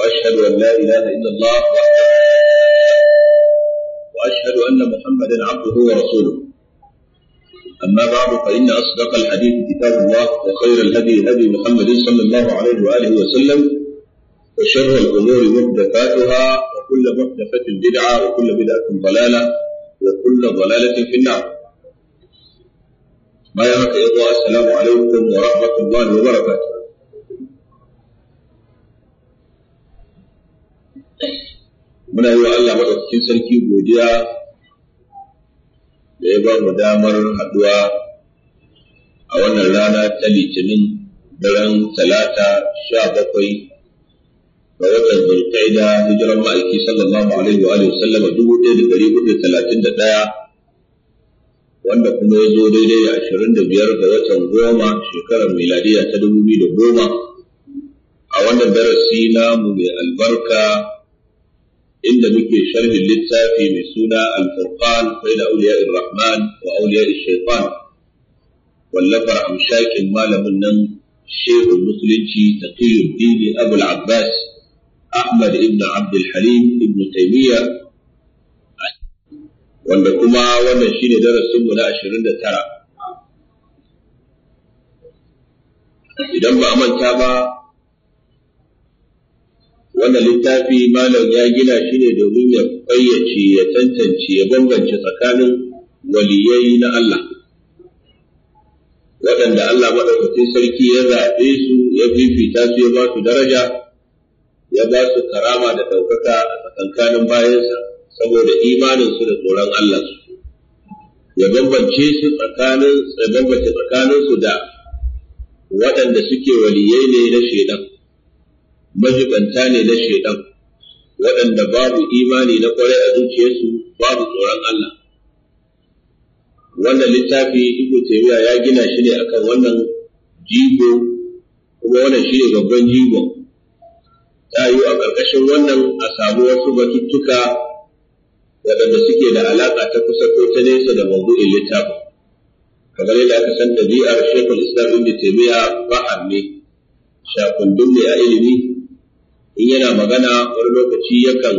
وأشهد أن لا إله إلا الله وحده وأشهد أن محمدا عبده ورسوله أما بعد فإن أصدق الحديث كتاب الله وخير الهدي هدي محمد صلى الله عليه وآله وسلم وشر الأمور محدثاتها وكل محدثة بدعة وكل بدعة ضلالة وكل ضلالة في النار ما يرك السلام عليكم ورحمة الله وبركاته muna yi wa Allah maɗaukakin sarki godiya da ya ba mu damar haɗuwa a wannan rana ta litinin daren talata sha bakwai ga watan da hijiran ma'aiki sallallahu alaihi wa alihi sallama dubu ɗaya da ɗari hudu talatin da ɗaya wanda kuma ya zo daidai a ashirin da biyar ga watan goma shekarar miladiya ta dubu biyu da goma a wannan darasi namu mai albarka inda muke sharhin littafi mai suna al-furqan bayna awliya rahman wa awliya shaytan amshakin malamin nan shehu musulunci taqiyuddin abu al-abbas ahmad ibn abd al-halim ibn taymiya wanda kuma wannan shine darasin mu na 29 idan ba a manta ba wannan littafi malam ya gina shi ne domin ya fayyace ya tantance ya bambance tsakanin waliyai na Allah waɗanda Allah maɗaukacin sarki ya zaɓe su ya fifita su ya ba su daraja ya ba su karama da ɗaukaka a tsakankanin bayansa saboda imaninsu da tsoron Allah su ya bambance su tsakanin ya bambance tsakaninsu da waɗanda suke waliyai ne na shaidan majibanta ne na shaidan waɗanda babu imani na kwarai a zuciyarsu babu tsoron Allah wannan littafi Ibn Taymiyyah ya gina shi ne akan wannan jigo kuma wannan shi ne babban jigon ta yi a ƙarƙashin wannan a samu wasu batuttuka waɗanda suke da alaƙa ta kusa ko ta nesa da mabu'in littafin kamar yadda aka san ɗabi'ar shekul islam ibn taymiya ba'an ne shakundun ne a ilimi in yana magana wani lokaci yakan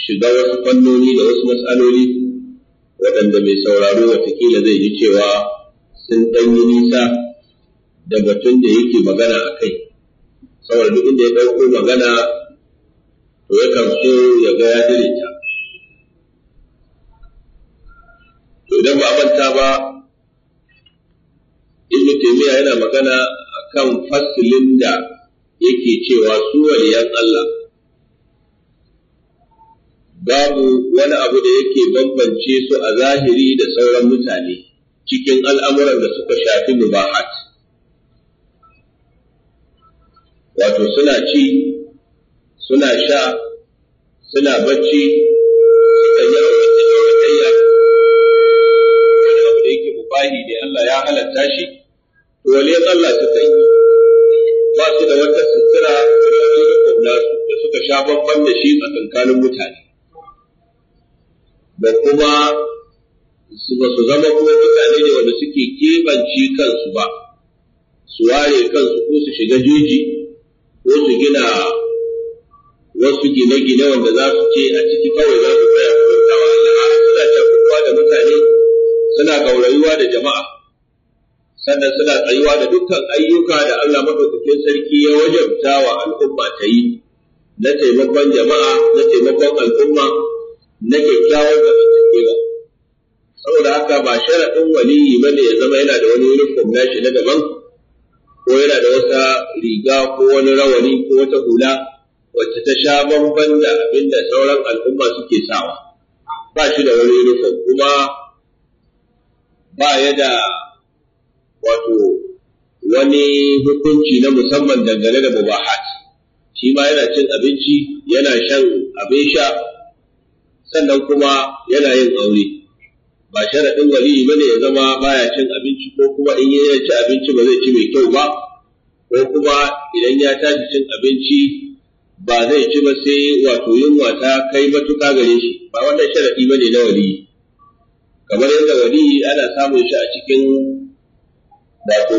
shiga wasu fannoni da wasu matsaloli waɗanda mai sauraro watakila zai ji cewa sun ɗanyi nisa da batun da yake magana a kai saboda duk inda ya ɗauko magana to yakan so ya ga ya ta to idan ba a manta ba ibnu taymiya yana magana akan fasilin da yake cewa su waliyan Allah babu wani abu da yake bambance su a zahiri da sauran mutane cikin al'amuran da suka shafi mubahat wato suna ci suna sha suna bacci suka yi aurace auratayya wani abu da yake mubahi ne Allah ya halatta shi to waliyan Allah suka yi ba su da wata sutura da uniform da suka sha babban da shi a tsakanin mutane da kuma su ba su zama kuma mutane ne wanda suke kebanci kansu ba su ware kansu ko su shiga jeji ko su gina wasu gine-gine wanda za su ce a ciki kawai za su tsaya kuma tawa Allah suna da mutane suna gaurayuwa da jama'a sannan suna tsayuwa da dukkan ayyuka da Allah madaukakin sarki ya wajabta wa al'umma ta yi na taimakon jama'a na taimakon al'umma na kyakkyawan zamantakewa saboda haka ba sharaɗin waliyi bane ya zama yana da wani uniform shi na daban ko yana da wata riga ko wani rawani ko wata hula wacce ta sha bamban da abinda sauran al'umma suke sawa ba shi da wani uniform kuma ba ya da wato wani hukunci na musamman dangane da mubahat shi ma yana cin abinci yana shan abin sha sannan kuma yana yin aure ba sharaɗin waliyi bane ya zama baya cin abinci ko kuma in ya ci abinci ba zai ci mai kyau ba ko kuma idan ya tashi cin abinci ba zai ci ba sai wato yunwa ta kai matuƙa gare shi ba wannan sharaɗi bane na waliyi kamar yadda waliyi ana samun shi a cikin wato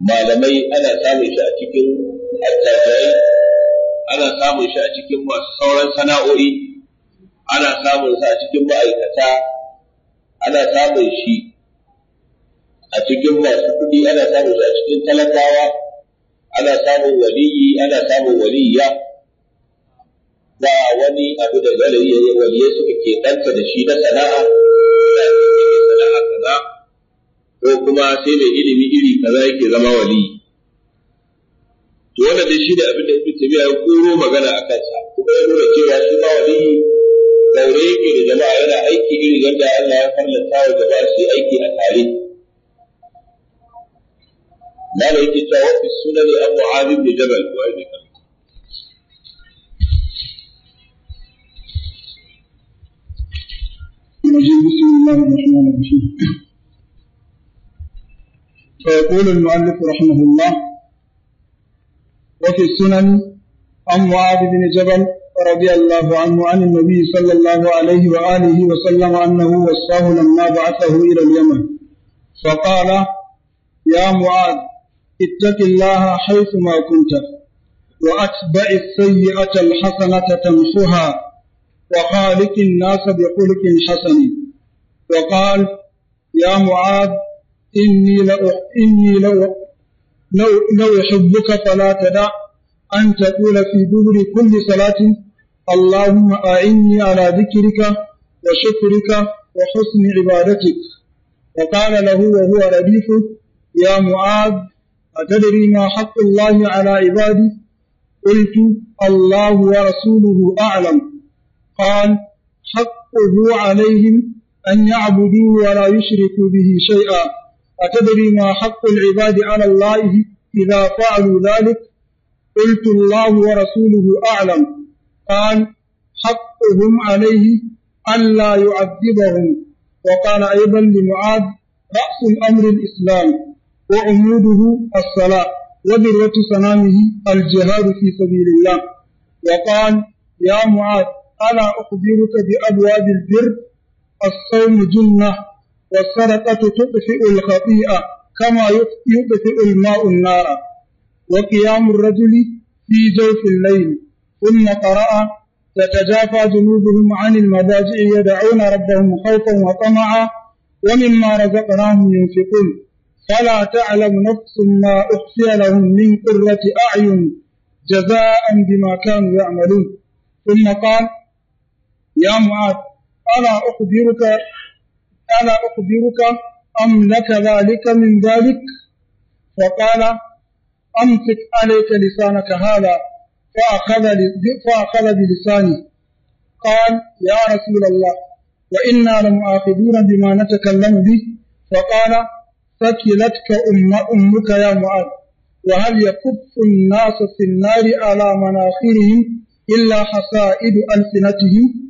malamai ana samun shi a cikin attajirai ana samun shi a cikin masu sauran sana'o'i ana samun sa a cikin ma'aikata ana samun shi a cikin masu kuɗi ana samun shi a cikin talakawa ana samun waliyi ana samun waliya ba wani abu da galayi waliyai suka ke ɗanta da shi na sana'a ko kuma sai mai ilimi iri kaza yake zama wali to wanda dai shi da abin da Ibn Taymiyyah ya koro magana a kansa kuma ya nuna cewa shi ma wali daure yake da jama'a yana aiki iri yadda Allah ya fallata wa jama'a shi aiki a tare Mala yake cewa wasu sunan Abu Azim da Jabal ko ainihin بسم الله الرحمن الرحيم فيقول المؤلف رحمه الله وفي السنن عن معاذ بن جبل رضي الله عنه عن النبي صلى الله عليه وآله وسلم أنه وصاه لما بعثه إلى اليمن فقال يا معاذ اتق الله حيثما كنت وأتبع السيئة الحسنة تمحها وخالق الناس بخلق حسن وقال يا معاذ إني لو إني لو لو لو فلا تدع أن تقول في دبر كل صلاة اللهم أعني على ذكرك وشكرك وحسن عبادتك وقال له وهو رديف يا معاذ أتدري ما حق الله على عبادي قلت الله ورسوله أعلم قال حقه عليهم أن يعبدوا ولا يشركوا به شيئا أتدري ما حق العباد على الله إذا فعلوا ذلك قلت الله ورسوله أعلم قال حقهم عليه ألا يعذبهم وقال أيضا لمعاذ رأس الأمر الإسلام وعموده الصلاة وذروة سنامه الجهاد في سبيل الله وقال يا معاذ ألا أخبرك بأبواب البر الصوم جنة والسرقة تطفئ الخطيئة كما يطفئ الماء النار وقيام الرجل في جوف الليل ثم قرأ تتجافى جنوبهم عن المضاجع يدعون ربهم خوفا وطمعا ومما رزقناهم ينفقون فلا تعلم نفس ما أخفي لهم من قرة أعين جزاء بما كانوا يعملون ثم قال يا معاذ ألا أخبرك قال أخبرك أم لك ذلك من ذلك فقال أمسك عليك لسانك هذا فأخذ, فأخذ بلساني قال يا رسول الله وإنا لمؤاخذون بما نتكلم به فقال ثكلتك أم أمك يا معاذ وهل يكف الناس في النار على مناخرهم إلا حصائد ألسنتهم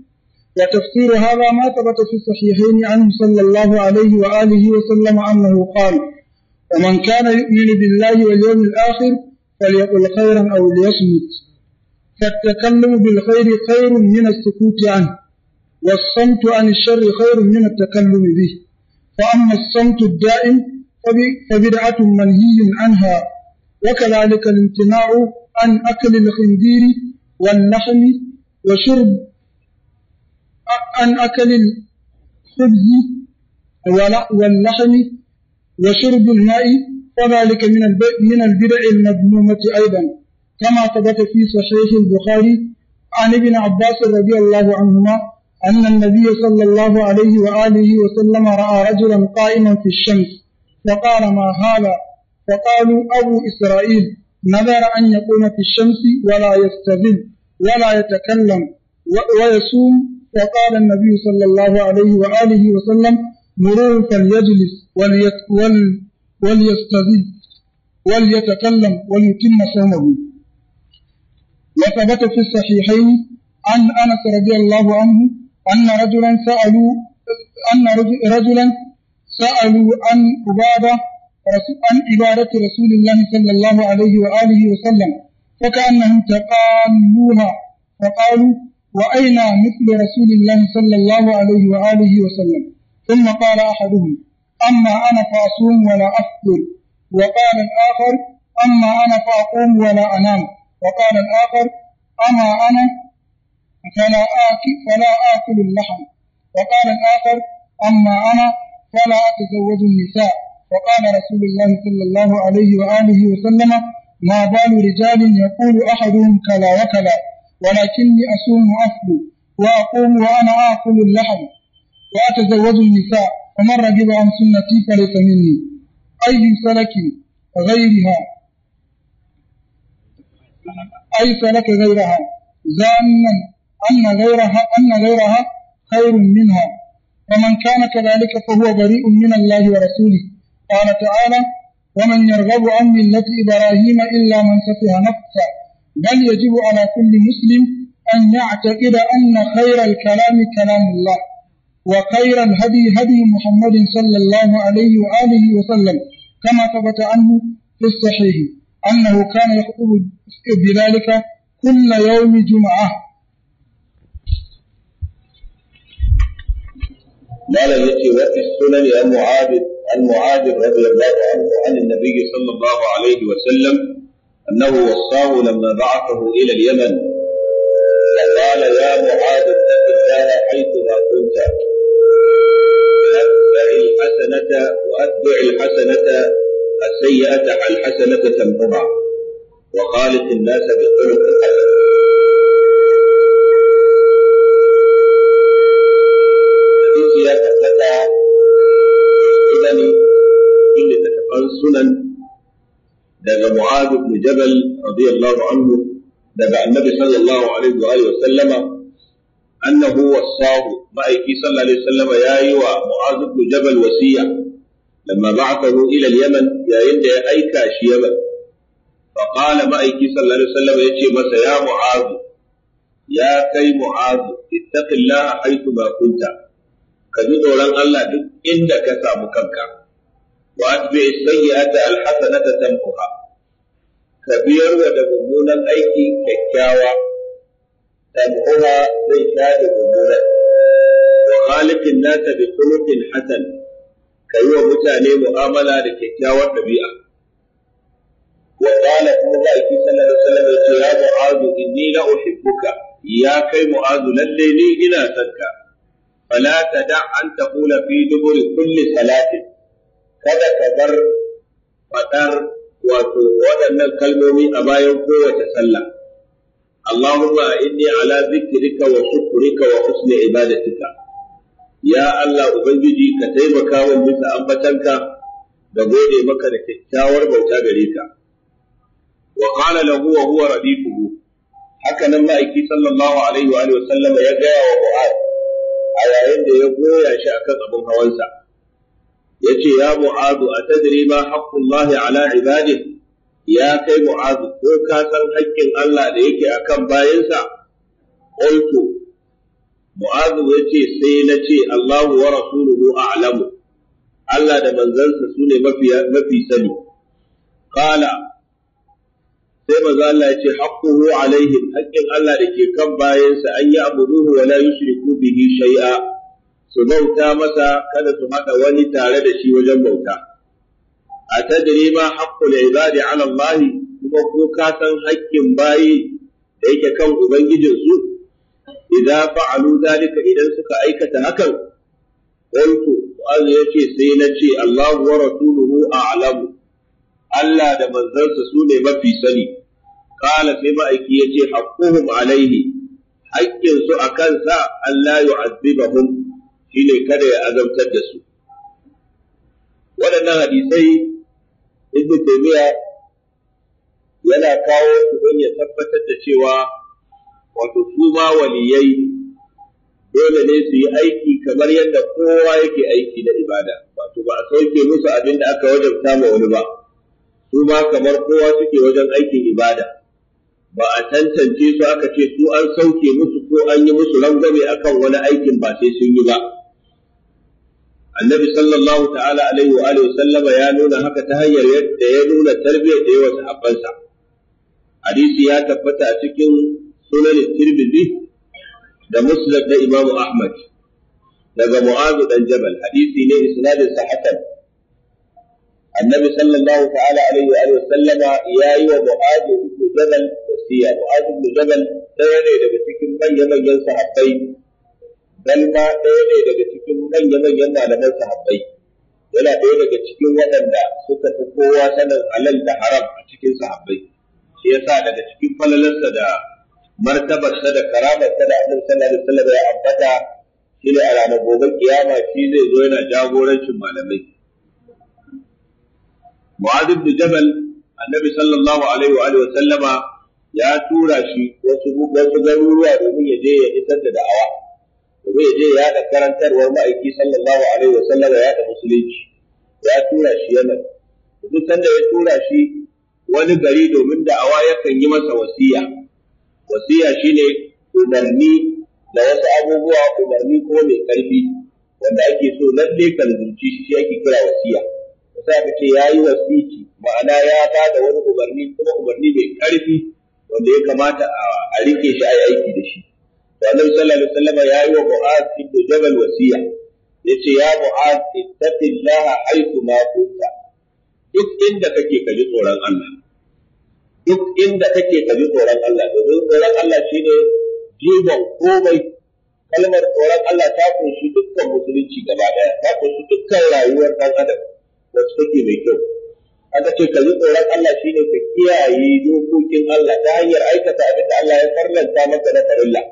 وتفسير هذا ما ثبت في الصحيحين عنه صلى الله عليه وآله وسلم أنه قال ومن كان يؤمن بالله واليوم الآخر فليقل خيرا أو ليصمت فالتكلم بالخير خير من السكوت عنه والصمت عن الشر خير من التكلم به فأما الصمت الدائم فبدعة منهي عنها وكذلك الامتناع عن أكل الخنزير واللحم وشرب عن أكل الخبز واللحم وشرب الماء وذلك من من البدع المذمومة أيضا كما ثبت في صحيح البخاري عن ابن عباس رضي الله عنهما أن النبي صلى الله عليه وآله وسلم رأى رجلا قائما في الشمس فقال ما هذا فقالوا أبو إسرائيل نذر أن يكون في الشمس ولا يستذل ولا يتكلم ويصوم فقال النبي صلى الله عليه وآله وسلم مروا فليجلس وليستذب وليتكلم وليتم صومه وثبت في الصحيحين عن أنس رضي الله عنه أن رجلا سألوا أن رجلا سألوا عن عبادة عن عبادة رسول الله صلى الله عليه وآله وسلم فكأنهم تقالوها فقالوا وأين مثل رسول الله صلى الله عليه وآله وسلم ثم قال أحدهم أما أنا فأصوم ولا أفطر وقال الآخر أما أنا فأقوم ولا أنام وقال الآخر أما أنا فلا آكل فلا آكل اللحم وقال الآخر أما أنا فلا أتزوج النساء وقال رسول الله صلى الله عليه وآله وسلم ما بال رجال يقول أحدهم كلا وكلا ولكني أصوم وأفطر وأقوم وأنا آكل اللحم وأتزوج النساء ومن رجب عن سنتي فليس مني أي سلك غيرها أي سلك غيرها زانا أن غيرها أن غيرها خير منها ومن كان كذلك فهو بريء من الله ورسوله قال تعالى ومن يرغب عن ملة إبراهيم إلا من سفه نفسه بل يجب على كل مسلم أن يعتقد أن خير الكلام كلام الله وخير الهدي هدي محمد صلى الله عليه وآله وسلم كما ثبت عنه في الصحيح أنه كان يخطب بذلك كل يوم جمعة قال يأتي وفي السنن عن معاذ معاذ رضي الله عنه عن النبي صلى الله عليه وسلم أنه وصاه لما بعثه إلى اليمن فقال يا معاذ اتق الله حيثما كنت أتبع الحسنة وأتبع الحسنة السيئة الحسنة تمحها وخالق الناس بالخلق الحسن daga Mu'adh ibn Jabal radiyallahu anhu daga Annabi sallallahu alaihi wa alihi wasallama annahu wasahu ma'aiki sallallahu alaihi wasallama yayi wa Mu'adh ibn Jabal wasiya lamma ba'athahu ila al yayin da ya aika shi Yaman fa qala ma'aiki sallallahu alaihi masa ya Mu'adh ya kai Mu'adh ittaqillaha haythu ma kunta ka ji tsoron Allah duk inda ka samu kanka وأتبع السيئة الحسنة تمحها كبير ودبونا الأيكي ككاوى تمحها ليس دبونا وخالق الناس بخلق حسن كيوى متاني مؤاملة لككاوى الطبيعة وقال صلى الله عليه وسلم يا معاذ إني لأحبك يا كي معاذ للي إلى تنكا فلا تدع أن تقول في دبر كل صلاة kada ka bar faɗar wato waɗannan kalmomi a bayan kowace sallah Allahumma inni ala zikrika wa shukrika wa husni ibadatika ya Allah ubangiji ka taimaka min bisa ambatanka da gode maka da kyakkyawar bauta gare ka wa qala lahu wa huwa radifuhu haka nan ma'aiki sallallahu alaihi wa wa sallama ya gaya wa Mu'ad a yayin da ya goya shi akan abin hawansa yace ya mu'adu atadri ma haqqullahi ala ibadihi ya kai mu'adu ko ka san haƙƙin Allah da yake akan bayansa qultu mu'adu ce sai na ce Allahu wa rasuluhu a'lamu Allah da manzansa sune mafi mafi sani Ƙala. sai maza Allah ya ce haqquhu alaihim haƙƙin Allah da ke kan bayansa an yi abuduhu wa la yushriku bihi shay'a su bauta masa kada su haɗa wani tare da shi wajen bauta a tajirima, ma haqqul ibadi ala Allah kuma ko ka san haƙƙin bayi da yake kan ubangijinsu idan fa'alu zalika idan suka aikata hakan qultu Allah yace sai na ce Allahu wa rasuluhu a'lamu Allah da manzansa su ne mafi sani Kala sai ma'aiki yace haqquhum alaihi haƙƙinsu a kansa Allah yu'azzibahum shine kada ya azabtar da su waɗannan hadisai inda taymiya yana kawo su don ya tabbatar da cewa wato su ma waliyai dole ne su yi aiki kamar yadda kowa yake aiki na ibada wato ba a sauke musu abin da aka wajabta ma wani ba su ma kamar kowa suke wajen aikin ibada ba a tantance su aka ce su an sauke musu ko an yi musu rangwame akan wani aikin ba sai sun yi ba annabi sallallahu ta'ala alaihi wa alihi sallama ya nuna haka ta hanyar yadda ya nuna tarbiyyar da yawa sahabbansa hadisi ya tabbata a cikin sunan tirmidhi da musnad da imamu ahmad daga mu'adh dan jabal hadisi ne isnadin sa hasan annabi sallallahu ta'ala alaihi wa alihi sallama ya yi wa mu'adh ibn jabal wasiya mu'adh ibn jabal ɗaya ne daga cikin manya-manyan sahabbai bal ma ɗaya ne daga cikin manya-manyan malaman sahabbai yana ɗaya daga cikin waɗanda suka fi kowa sanin halal da haram a cikin sahabbai shi yasa daga cikin falalarsa da martabarsa da karamarsa da abin sallallahu alaihi wasallam ya ambata shi ne a ranar gobe kiyama shi zai zo yana jagorancin malamai Mu'adh ibn Jabal annabi sallallahu alaihi wa sallama ya tura shi wasu wasu garuruwa domin ya je ya isar da da'awa zai je ya da karantarwar ma'aiki sallallahu alaihi wa sallam ya da musulunci ya tura shi yana duk sanda ya tura shi wani gari domin da'awa yakan yi masa wasiya wasiya shine umarni da wasu abubuwa umarni ko mai karfi wanda ake so lalle kan zuci shi yake kira wasiya sai aka ce yayi wasiki ma'ana ya ba da wani umarni kuma umarni mai karfi wanda ya kamata a rike shi a yi aiki da shi da sallallahu alaihi wasallam ya yi wa Mu'az ibn Jabal wasiya yace ya Mu'az ittaqillaha haythu ma kunta duk inda kake kaji tsoron Allah duk inda kake kaji tsoron Allah domin tsoron Allah shine jibon komai kalmar tsoron Allah ta kunshi dukkan musulunci gaba daya ta kunshi dukkan rayuwar dan adam wacce take mai kyau aka ce kaji ji tsoron Allah shine ka kiyaye dokokin Allah ta hanyar aikata abin da Allah ya farlanta maka na farilla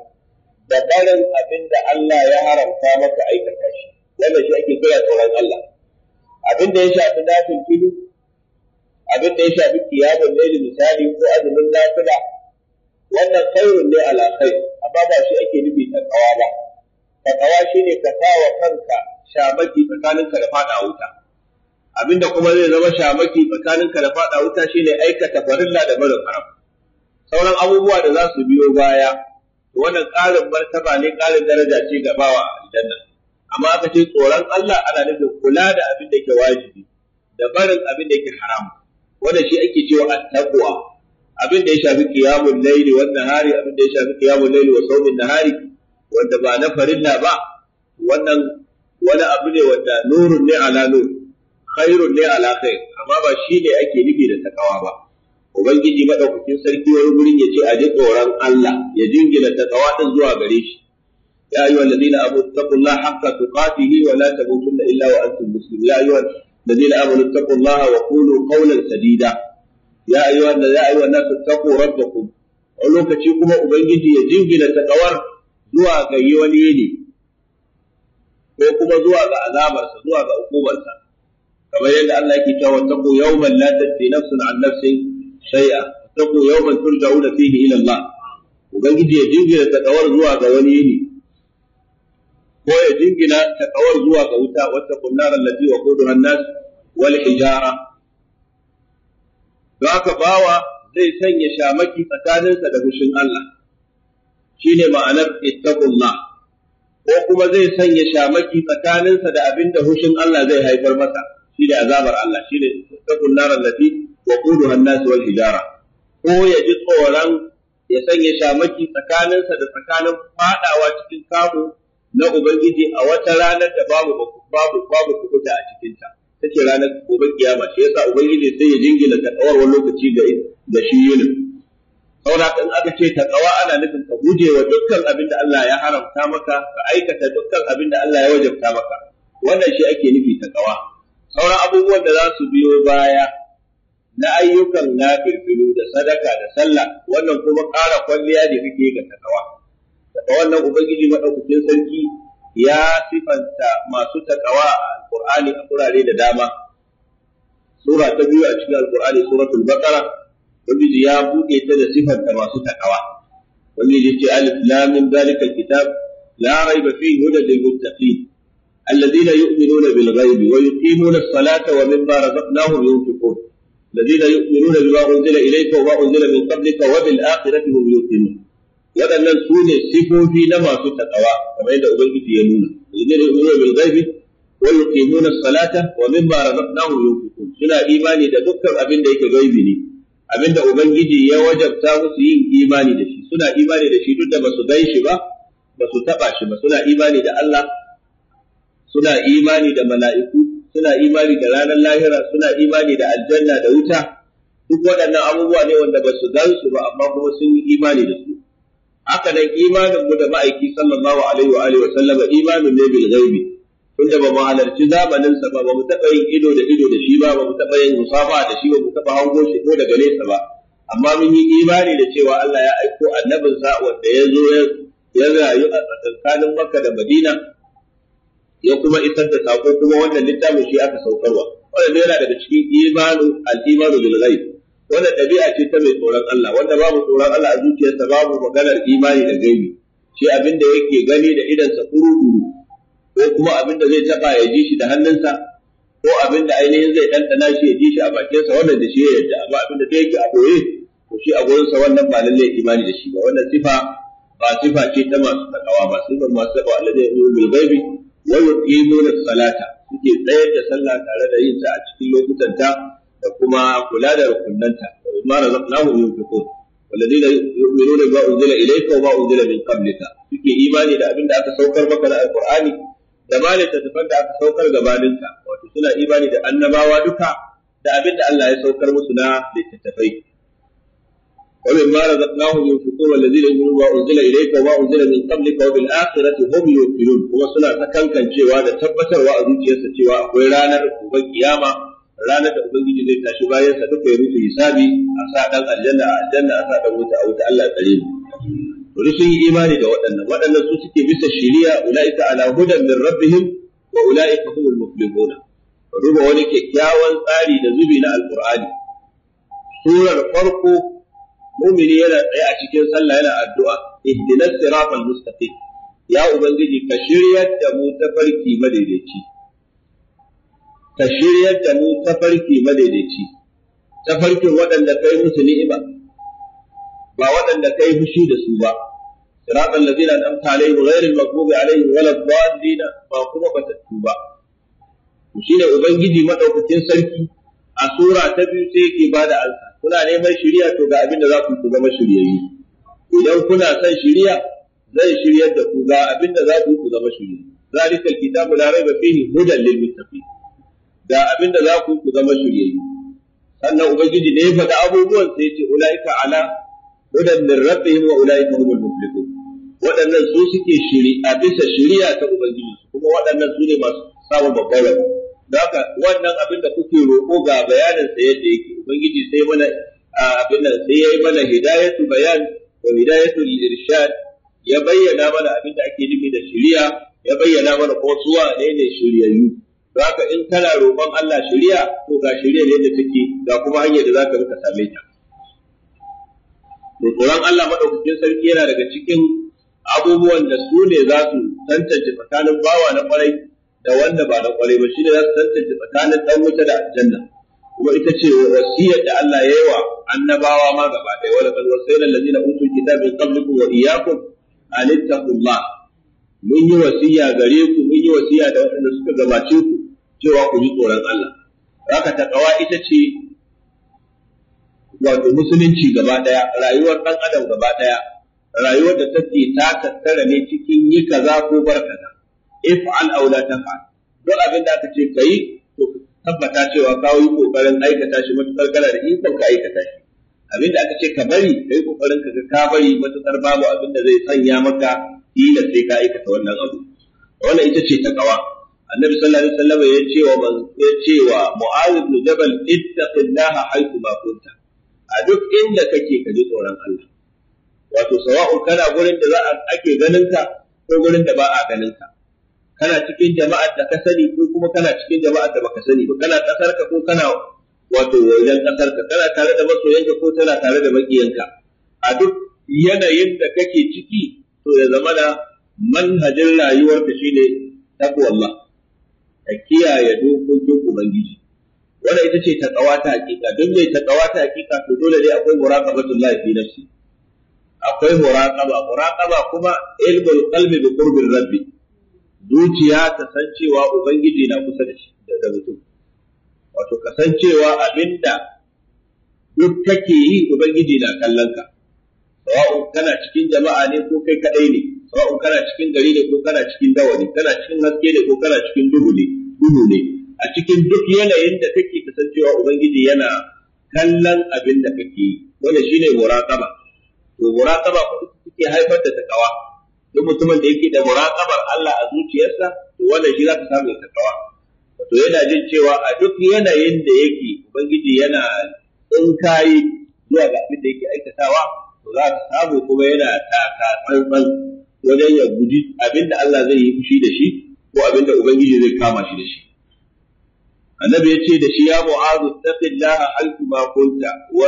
da barin abin da Allah ya haramta maka aikata shi wanda shi ake kira tsoron Allah abin da ya shafi dafin filu abin da ya shafi kiyamun laili misali ko azumin lafiya wannan kairun ne alakai amma ba shi ake nufi takawa ba takawa ne ka sawa kanka shamaki tsakaninka da faɗa wuta abinda kuma zai zama shamaki tsakaninka da faɗa wuta shi ne aikata farilla da barin haram sauran abubuwa da za su biyo baya wannan ƙarin martaba ne ƙarin daraja ce ga bawa a aljanna amma aka ce tsoron Allah ana nufin kula da abin da ke wajibi da barin abin da ke haram wanda shi ake cewa at-taqwa abin da ya shafi qiyamul layli wa nahari abin da ya shafi qiyamul layli wa sawmin nahari wanda ba na farilla ba wannan wani abu ne wanda nurun ne ala nur khairun ne ala khair amma ba shi ne ake nufi da takawa ba ubangiji madaukakin sarki wani wurin ya ce a ji tsoron Allah ya jingina taqwa din zuwa gare shi ya ayyuha alladhina amanu taqullaha haqqa tuqatih wa la tamutunna illa wa antum muslimun ya ayyuha alladhina amanu taqullaha wa qulu qawlan sadida ya wa ya ayyuha an-nas taqu rabbakum a lokaci kuma ubangiji ya jingina ta taqwar zuwa ga wani ne ko kuma zuwa ga azabarsa zuwa ga hukumarsa kamar yadda Allah yake cewa taqu yawman la tadfi nafsun an nafsin shay'a taqu yawman turja'una fihi ila Allah ubangiji ya jingina ta takawar zuwa ga wani yini ko ya jingina ta takawar zuwa ga wuta wata kunnar allati wa quduha an-nas wal hijara don haka bawa zai sanya shamaki tsakaninsa da hushin Allah shine ma'anar ittaqullah ko kuma zai sanya shamaki tsakaninsa da abinda hushin Allah zai haifar masa shi da azabar Allah shi ne takun naran lati wa quduha an-nas wal hijara ko ya ji tsoron ya sanya shamaki tsakaninsa da tsakanin fadawa cikin kamu na ubangiji a wata ranar da babu babu babu kubuta a cikin ta, take ranar gobe kiyama shi yasa ubangiji sai ya jingina ta tsawon lokaci ga da shi yinin saboda in aka ce ta tsawa ana nufin ka guje wa dukkan abin da Allah ya haramta maka ka aikata dukkan abin da Allah ya wajabta maka wannan shi ake nufi ta tsawa sauran abubuwan da za su biyo baya na ayyukan na nafilfilu da sadaka da sallah wannan kuma ƙara kwalliya ne kake ga takawa daga wannan ubangiji madaukakin sarki ya sifanta masu takawa a alqur'ani a kurare da dama sura ta biyu a cikin alqur'ani suratul baqara ubangiji ya buɗe ta da sifanta masu takawa ubangiji ce alif lam min zalikal kitab la raiba fihi hudan lil muttaqin الذين يؤمنون بالغيب ويقيمون الصلاة ومما رزقناهم ينفقون الذين يؤمنون بما أنزل إليك وما أنزل من قبلك وبالآخرة هم يوقنون waɗannan sune sifofi na masu takawa kamar yadda ubangiji ya nuna idan ya nuna bil ghaibi wa yuqimuna salata wa mimma razaqnahum yunfiqun suna imani da dukkan abin da yake ghaibi ne abin da ubangiji ya wajabta musu yin imani da shi suna imani da shi duk da basu ba shi ba suna da Allah suna imani da mala'iku suna imani da ranar lahira suna imani da aljanna da wuta duk waɗannan abubuwa ne wanda ba su gan su ba amma kuma sun yi imani da su haka nan imanin mu da ma'aiki sallallahu alaihi wa alihi wa sallama imanin ne bil ghaibi tunda ba mu halarci zamanin sa ba ba mu taɓa yin ido da ido da shi ba ba mu taɓa yin musafa da shi ba mu taɓa hango shi ko daga nesa ba amma mun yi imani da cewa Allah ya aiko annabinsa wanda ya zo ya rayu a tsakanin Makka da Madina ya kuma isar da sako kuma wannan littafin shi aka saukarwa wannan yana daga cikin imanu al-imanu bil ghaib wannan dabi'a ce ta mai tsoron Allah wanda babu tsoron Allah a zuciyarsa babu maganar imani da gaibi shi abin da yake gani da idan sa kuru-kuru ko kuma abin da zai taba ya ji shi da hannunsa ko abin da ainihin zai ɗanɗana shi ya ji shi a bakinsa wannan da shi ya yarda amma abin da yake a koye to shi a gurinsa wannan ba lallai imani da shi ba wannan sifa ba sifa ce ta masu takawa ba sifar masu takawa alladhi yu'minu bil ghaibi wa yuqimuna salata suke tsayar da sallah tare da yin ta a cikin lokutanta da kuma kula da rukunanta wa mimma razaqnahum yunfiqun walladheena yu'minuna bima unzila ilayka wa ma unzila min qablika suke imani da abin da aka saukar maka na alqur'ani da ma littattafan da aka saukar gabaninka wato suna imani da annabawa duka da abin da Allah ya saukar musu na littattafai ومما رزقناهم ينفقون الذين يؤمنون ما انزل اليك وما انزل من قبلك وبالاخره هم يوقنون kuma suna ta kankancewa da tabbatarwa a zuciyarsa cewa akwai ranar uban kiyama ranar da ubangiji zai tashi bayan duka ya rufe hisabi a sa dan aljanna a aljanna a sa dan wuta Allah tsare mu to sun yi imani da waɗannan waɗannan su suke bisa shiriya, ulaika ala hudan min rabbihim wa ulaika humul muflihun ruba wani kyakkyawan tsari da zubi na alqur'ani surar farko mumini yana tsaye a cikin sallah yana addu'a ihdinas siratal mustaqim ya ubangiji ka shiryar da mu tafarki madaidaici ka shiryar da mu tafarki madaidaici tafarkin waɗanda kai musu ni'ima ba waɗanda kai fushi da su ba صراط الذين أنعمت عليهم غير المغضوب عليهم ولا الضالين ba kuma batattu ba shine ubangiji madaukakin sarki a sura ta biyu sai yake ba da alka kuna neman shiriya to ga abin da za ku ku zama shiryayi. idan kuna son shiriya zai shiryar da ku ga abin da za ku ku zama shiryayye zalika alkitabu la raiba fihi hudan lil muttaqin ga abin da za ku ku zama shiryayye sannan ubangiji ne ya faɗa abubuwan sai ce ulaika ala hudan min rabbihim wa ulaika humul muflihun waɗannan su suke shiri a bisa shiriya ta ubangiji kuma waɗannan su ne masu samun babbar rabo haka wannan abin da kuke roƙo ga bayanin sa yadda yake ubangiji sai mana abin nan sai yayi mana hidayatu bayan wa hidayatu lirshad ya bayyana mana abin da ake nufi da shari'a ya bayyana mana ko suwa ne ne shiryayyu haka in kana roƙon Allah shari'a to ga shari'ar yadda take ga kuma hanyar da zaka bi ka same ta to tsoron Allah madaukakin sarki yana daga cikin abubuwan da su ne za su tantance tsakanin bawa na kwarai da wanda ba da kwarai ba shine za su tantance tsakanin dan wuta da aljanna kuma ita ce wasiyar da Allah ya yi wa annabawa ma gaba ɗaya wala qad wasayna allazina utul kitaba min qablikum wa iyyakum an ittaqullah mun yi wasiya gare ku mun yi wasiya da waɗanda suka gabace ku cewa ku ji tsoron Allah haka takawa ita ce wato musulunci gaba ɗaya rayuwar ɗan adam gaba ɗaya rayuwar da take ta tattara ne cikin yi kaza ko barkata. if'al aw la taf'al don abin da aka ce kai to tabbata cewa ka yi kokarin aikata shi matukar kana da ikon ka aikata shi abin da aka ce ka bari kai kokarin ka ka bari matukar babu abin da zai sanya maka kila sai ka aikata wannan abu wannan ita ce kawa annabi sallallahu alaihi wasallam ya ce wa ya ce wa mu'adh ibn jabal ittaqillaha haythu ma kunta a duk inda kake ka ji tsoron Allah wato sawa'un kana gurin da za a ake ganin ka ko gurin da ba a ganin ka kana cikin jama'ar da ka sani ko kuma kana cikin jama'ar da baka sani ba kana kasar ka ko kana wato wajen kasar ka kana tare da masoyanka ko tana tare da makiyanka a duk yanayin da kake ciki to ya zama da manhajin rayuwarka shine taqwa Allah ka kiyaye dokokin ubangiji wannan ita ce taqwa ta hakika duk mai taqwa ta hakika to dole ne akwai muraqabatul lahi fi nafsi akwai muraqaba muraqaba kuma ilmul qalbi bi qurbil rabbi zuciya ta san ubangiji na kusa da shi da mutum wato kasancewa abinda duk kake yi ubangiji na kallon ka sawa'un kana cikin jama'a ne ko kai kadai ne sawa'un kana cikin gari ne ko kana cikin dawa ne kana cikin haske ne ko kana cikin duhu ne a cikin duk yanayin da kake kasancewa ubangiji yana kallon abin da kake yi wanda shine muraqaba to muraqaba ko take haifar da takawa duk mutumin da yake da muraqabar Allah a zuciyarsa to wannan shi zaka samu ya takawa wato yana jin cewa a duk yanayin da yake ubangiji yana tsinkayi zuwa ga abin da yake aikatawa to za ka samu kuma yana taka wajen ya guji abin da Allah zai yi fushi da shi ko abin da ubangiji zai kama shi da shi annabi ya ce da shi ya mu'azu taqillaha halku ma kunta wa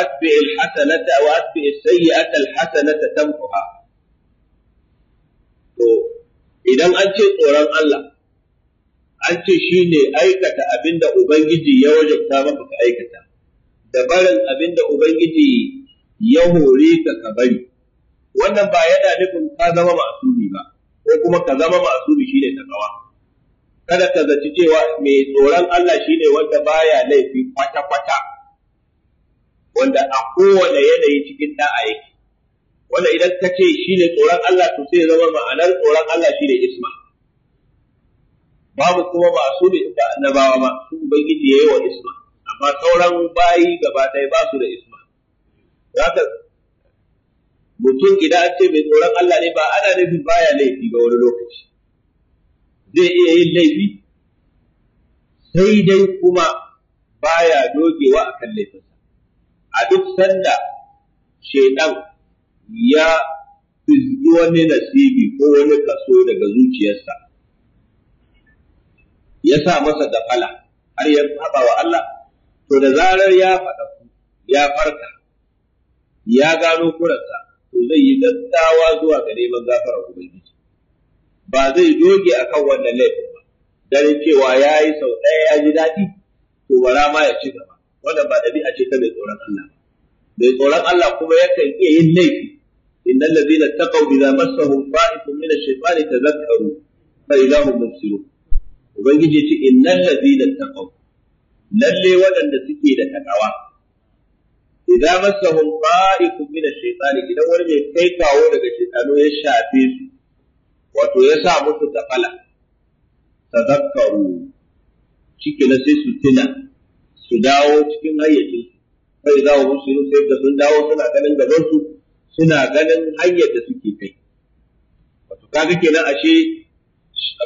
atbi al wa atbi as-sayyi'ata idan an ce tsoron Allah an ce shi ne aikata abin da Ubangiji ya wajabta maka ka aikata, da barin abin da Ubangiji ya hore ka ka bari. Wannan ba yana nufin ka zama ma'asumi ba, ko kuma ka zama ma'asumi shi ne ta kawa. Kada ka zaci cewa mai tsoron Allah shi ne wanda baya laifi kwata-kwata, wanda a kowane yanayi cikin da'a yake. wanda idan ta ce shi ne tsoron Allah to sai zama ma'anar tsoron Allah shi ne isma babu kuma masu da annabawa ba su ubangiji yayi wa isma amma sauran bayi gaba ɗaya ba su da isma zaka mutum idan an ce mai tsoron Allah ne ba ana nufin baya laifi ba wani lokaci zai iya yin laifi sai dai kuma baya dogewa a akan laifinsa a duk sanda shedan ya fizgi wani nasibi ko wani kaso daga zuciyarsa ya sa masa da fala har ya haɓa wa Allah to da zarar ya faɗa ya farka ya gano kurarsa to zai yi gaggawa zuwa ga neman gafara ubangiji ba zai doge akan wannan laifin ba dan cewa ya yi sau ɗaya ya ji daɗi to bara ma ya ci gaba wannan ba ɗabi'a ce ta mai tsoron Allah mai tsoron Allah kuma yakan iya yin laifi innal ladina taqaw idza massahum ta'ifun min ash-shaytani tadhakkaru fa idza hum mubsirun ubangiji ce innal ladina taqaw lalle waɗanda suke da takawa idza massahum ta'ifun min ash-shaytani idan wani mai kai kawo daga shaytano ya shafe su wato yasa sa musu kafala tadhakkaru cike na sai su su dawo cikin za mu musu sai sun dawo suna ganin gaban suna ganin hanyar da suke kai wato kaga kenan ashe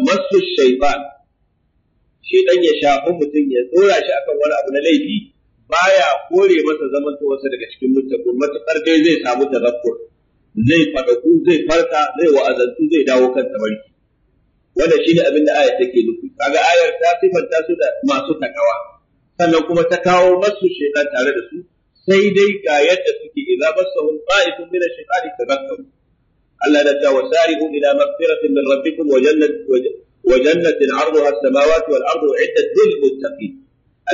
masu shaytan shi dan ya shafi mutum ya tsora shi akan wani abu na laifi baya kore masa wasu daga cikin mutaku matakar dai zai samu tazakkur zai fadaku zai farka zai wa'azantu zai dawo kan tabarki shi shine abin da ayar take nufi kaga ayar ta sifanta su da masu takawa sannan kuma ta kawo masu shaitan tare da su sai dai ga yadda suke idza basahum qa'idun min ash-shaytani tadakkaru Allah da ta wasari'u ila maghfiratin min rabbikum wa jannatin wa jannatin 'arduha as-samawati wal ardu 'iddat lil muttaqin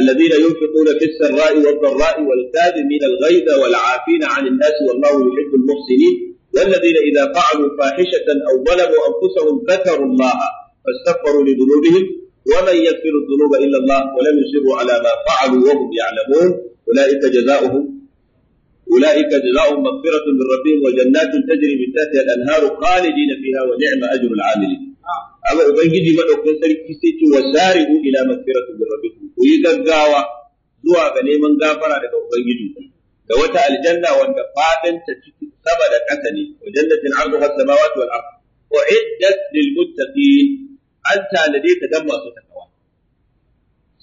الذين ينفقون في السراء والضراء والكاذبين الغيظ والعافين عن الناس والله يحب المحسنين والذين إذا فعلوا فاحشة أو ظلموا أنفسهم ذكروا الله فاستغفروا لذنوبهم ومن يغفر الذنوب إلا الله ولم يصروا على ما فعلوا وهم يعلمون أولئك جزاؤهم أولئك جزاؤهم مغفرة من ربهم وجنات تجري من تحتها الأنهار خالدين فيها ونعم أجر العاملين أما أبنجي مدعوكم سركي سيتي وسارعوا إلى مغفرة من ربكم ويقاوا zuwa ga neman gafara daga Ubangiji da wata aljanna wanda fadin ta ciki sama ƙasa ne wa jannatin ardu has samawati an talade ta dan masu takawa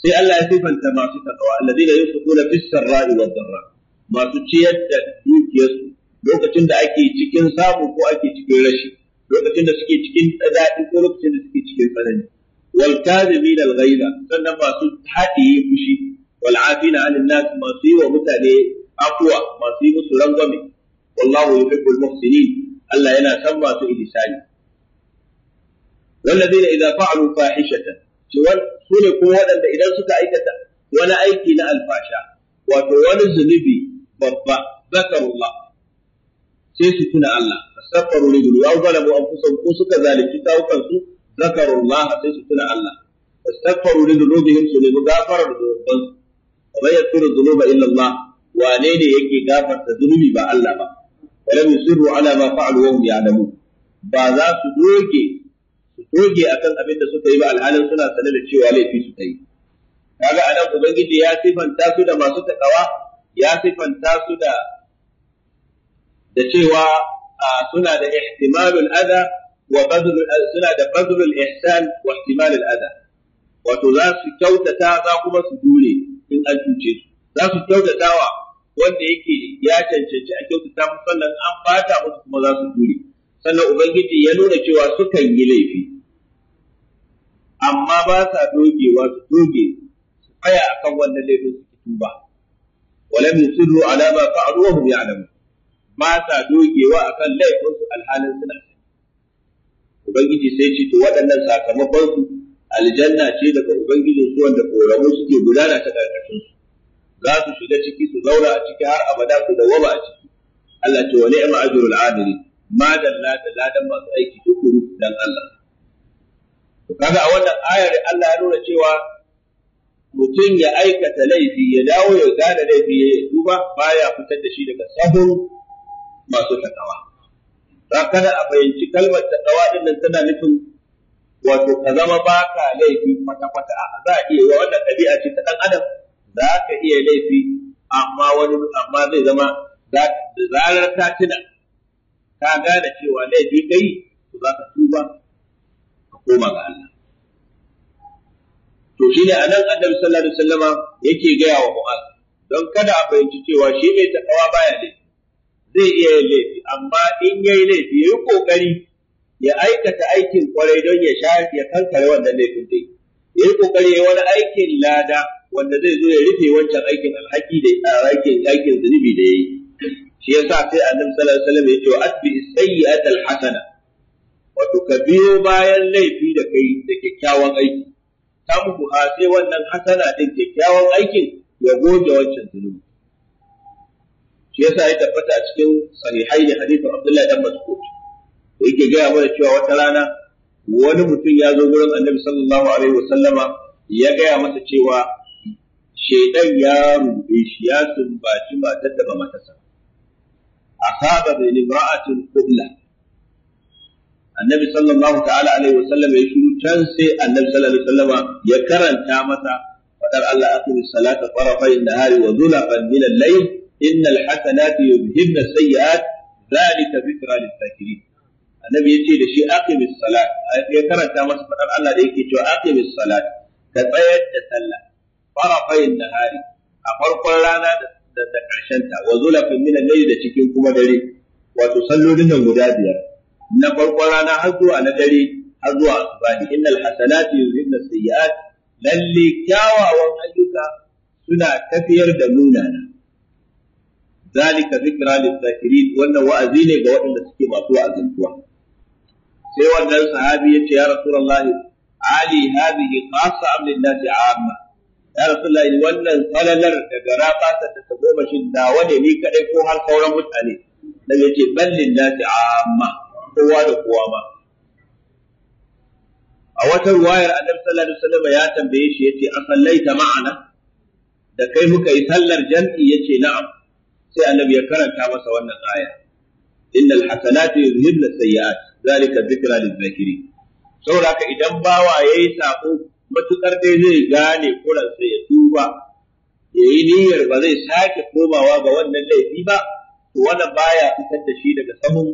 sai Allah ya sifanta masu takawa alladheena yunfiquna fis sarra'i wad dharra masu ciyar da dukiyarsu lokacin da ake cikin samu ko ake cikin rashi lokacin da suke cikin daɗi ko lokacin da suke cikin tsanani wal kadhibina al ghayza sannan masu hadiye fushi wal afina 'anil nas masu yi wa mutane afwa masu yi musu rangwame wallahu yuhibbul muhsinin Allah yana san masu ihsani والذين إذا فعلوا فاحشة su ne kuma waɗanda idan suka aikata wani aiki na alfasha wato wani zunubi babba zakarullah sai su tuna Allah astaghfiru li dhulli wa zalamu anfusahum ko suka zalunci kawukan su zakarullah sai su tuna Allah astaghfiru li dhulubihim su ne gafara da zunuban su wa man yaghfiru dhunuba illa Allah wane ne yake gafarta zunubi ba Allah ba walam yusiru ala ma fa'alu wa hum ya'lamun ba za su doge su doge akan abin da suka yi ba alhalin suna sanar da cewa laifi suka yi kaga anan ubangiji ya sifanta su da masu takawa ya sifanta su da da cewa suna da ihtimalul adha wa suna da bazlul ihsan wa ihtimalul adha wato za su kyautata za kuma su dure in an cuce su za su kyautatawa wanda yake ya cancanci a kyautata musallan an bata musu kuma za su dure sannan ubangiji ya nuna cewa sukan yi laifi amma ba sa dogewa su doge su tsaya akan wannan laifin su tuba walam yusiru ala ma fa'alu wa hum ya'lamun ba sa dogewa akan laifin su alhalin suna ubangiji sai ce to waɗannan sakamakon su aljanna ce daga Ubangiji su wanda koramu suke gudana ta karkashin su za su shiga ciki su zauna a ciki har abada su dawwama a ciki Allah ce wa ni'ma ajrul adilin madalla da ladan masu aiki tukuru dan Allah to kaga a wannan ayar Allah ya nuna cewa mutum ya aikata laifi ya dawo ya gane laifi ya duba baya fitar da shi daga sahun masu takawa za kada a fahimci kalmar takawa din nan tana nufin wato ka zama baka laifi kwata-kwata a za a iya wannan ɗabi'a ce ta ɗan adam za ka iya laifi amma wani amma zai zama zarar ta tuna ka gane cewa laifi kai to za ka tuba ka koma ga Allah to shi a anan Adam sallallahu alaihi sallama yake gaya wa Mu'az don kada a fahimci cewa shi mai takawa baya laifi zai iya yin laifi amma in ya yi laifi ya yi kokari ya aikata aikin kwarai don ya sha ya kankare wannan laifin dai ƙoƙari kokari yi wani aikin lada wanda zai zo ya rufe wancan aikin alhaki da aikin zunubi da ya yi. shi yasa sai annabi sallallahu alaihi wasallam ya ce atbi sayyi'atal hasana wato ka biyo bayan laifi da kai da kyakkyawan aiki tamhu ha sai wannan hasana din kyakkyawan aikin ya goge wancan zunubi shi yasa ya tabbata a cikin sahihai ne hadisin Abdullahi dan Mas'ud da yake gaya mana cewa wata rana wani mutum ya zo gurin Annabi sallallahu alaihi wasallama ya gaya masa cewa shedan ya bai shi ya sumbaci matar da ba matasa asaba bi imra'atin qubla annabi sallallahu ta'ala alaihi ya shiru can sai annabi sallallahu ya karanta masa fadar Allah aqimis salata tarafay an-nahari wa zulafan min al-layl innal hasanati yudhibna as-sayyi'at dhalika dhikra lis-sakirin annabi yace da shi aqimis salat karanta masa fadar Allah da yake cewa aqimis ka tsayar da sallah tarafay a farkon rana da da karshen ta wa zulafin min al da cikin kuma dare wato sallolin nan guda biyar na farkon rana har zuwa na dare har zuwa asubahi innal hasanati yuzhibna sayyi'at lalle kyawawan ayyuka suna tafiyar da munana zalika zikra lil wannan wa'azi ne ga waɗanda suke masu wa'azantuwa sai wannan sahabi ya ce ya rasulullahi ali hadhihi khassa am lin-nasi 'amma ya rasulullah wannan falalar da rafata da ta goma shi nawa ne ni kadai ko har sauran mutane da ce ballin ta amma kowa da kowa ma a wata ruwayar Adam sallallahu alaihi wasallam ya tambaye shi ya yace asallaita ma'ana da kai muka yi sallar jam'i yace na'am sai annabi ya karanta masa wannan aya innal hasanatu yuzhibna sayyi'at zalika dhikra lil-zakirin saboda idan bawa yayi sako matuƙar dai zai gane kuransa ya duba ya yi niyyar ba zai sake komawa ga wannan laifi ba to wannan baya fitar da shi daga samun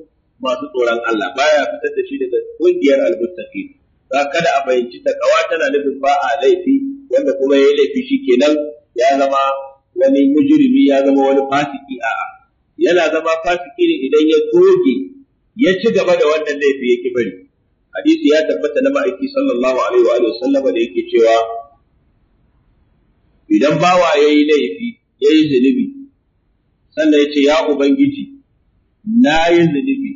masu tsoron Allah baya fitar da shi daga ƙungiyar almuttaqin ba kada a ta ƙawa tana nufin ba a laifi wanda kuma ya yi laifi shi kenan ya zama wani mujrimi ya zama wani fasiki a'a yana zama fasiki ne idan ya goge, ya ci gaba da wannan laifi yake bari hadisi ya tabbata na ma'aiki sallallahu alaihi wa sallama da yake cewa idan bawa yayi laifi yayi zunubi sannan ya ce ya ubangiji na yi zunubi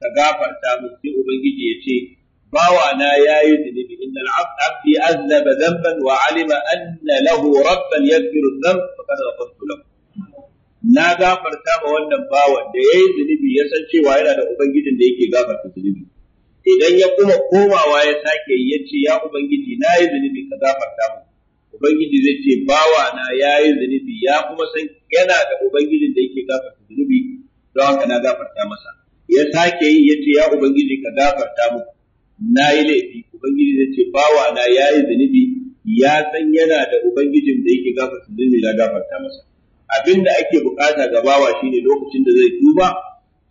ka gafarta min sai ubangiji ya ce bawa na yayi zunubi al abdi azlaba dhanban wa alima anna lahu rabban yaghfiru dhanb faqad ghafartu lahu na gafarta ma wannan bawan da yayi zunubi ya san cewa yana da ubangijin da yake gafarta zunubi idan ya kuma komawa ya sake ya ce ya ubangiji na yi zunubi ka gafarta mu ubangiji zai ce bawa na ya yi zunubi ya kuma san yana da ubangijin da yake gafarta zunubi don haka na gafarta masa ya sake yi ya ce ya ubangiji ka gafarta mu na yi laifi ubangiji zai ce bawa na ya yi zunubi ya san yana da ubangijin da yake gafarta zunubi na gafarta masa Abin da ake bukata ga bawa shine lokacin da zai tuba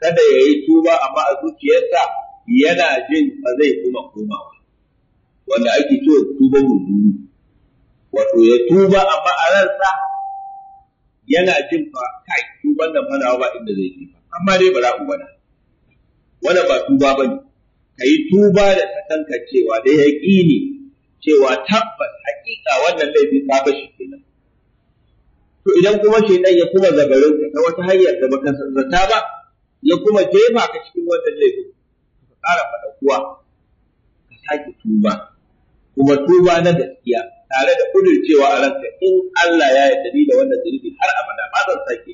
kada ya yi tuba amma a zuciyarsa yana jin ba zai kuma komawa wanda ake so tuba munduru wato ya tuba amma a ransa yana jin ba kai tuban nan fa ba inda zai je ba amma dai ba za ku bana. wanda ba tuba ba Ka kai tuba da ta kanka cewa da ne, cewa tabbas hakika wannan ta ba bashi kenan to idan kuma shaitan ya kuma zabarin ka ta wata hanyar da baka zata ba ya kuma jefa ka cikin wannan laifin ƙara kuwa, ka sake tuba kuma tuba na gaskiya tare da cewa a ranka in Allah ya yi ni da wannan zunubi har abada ba zan sake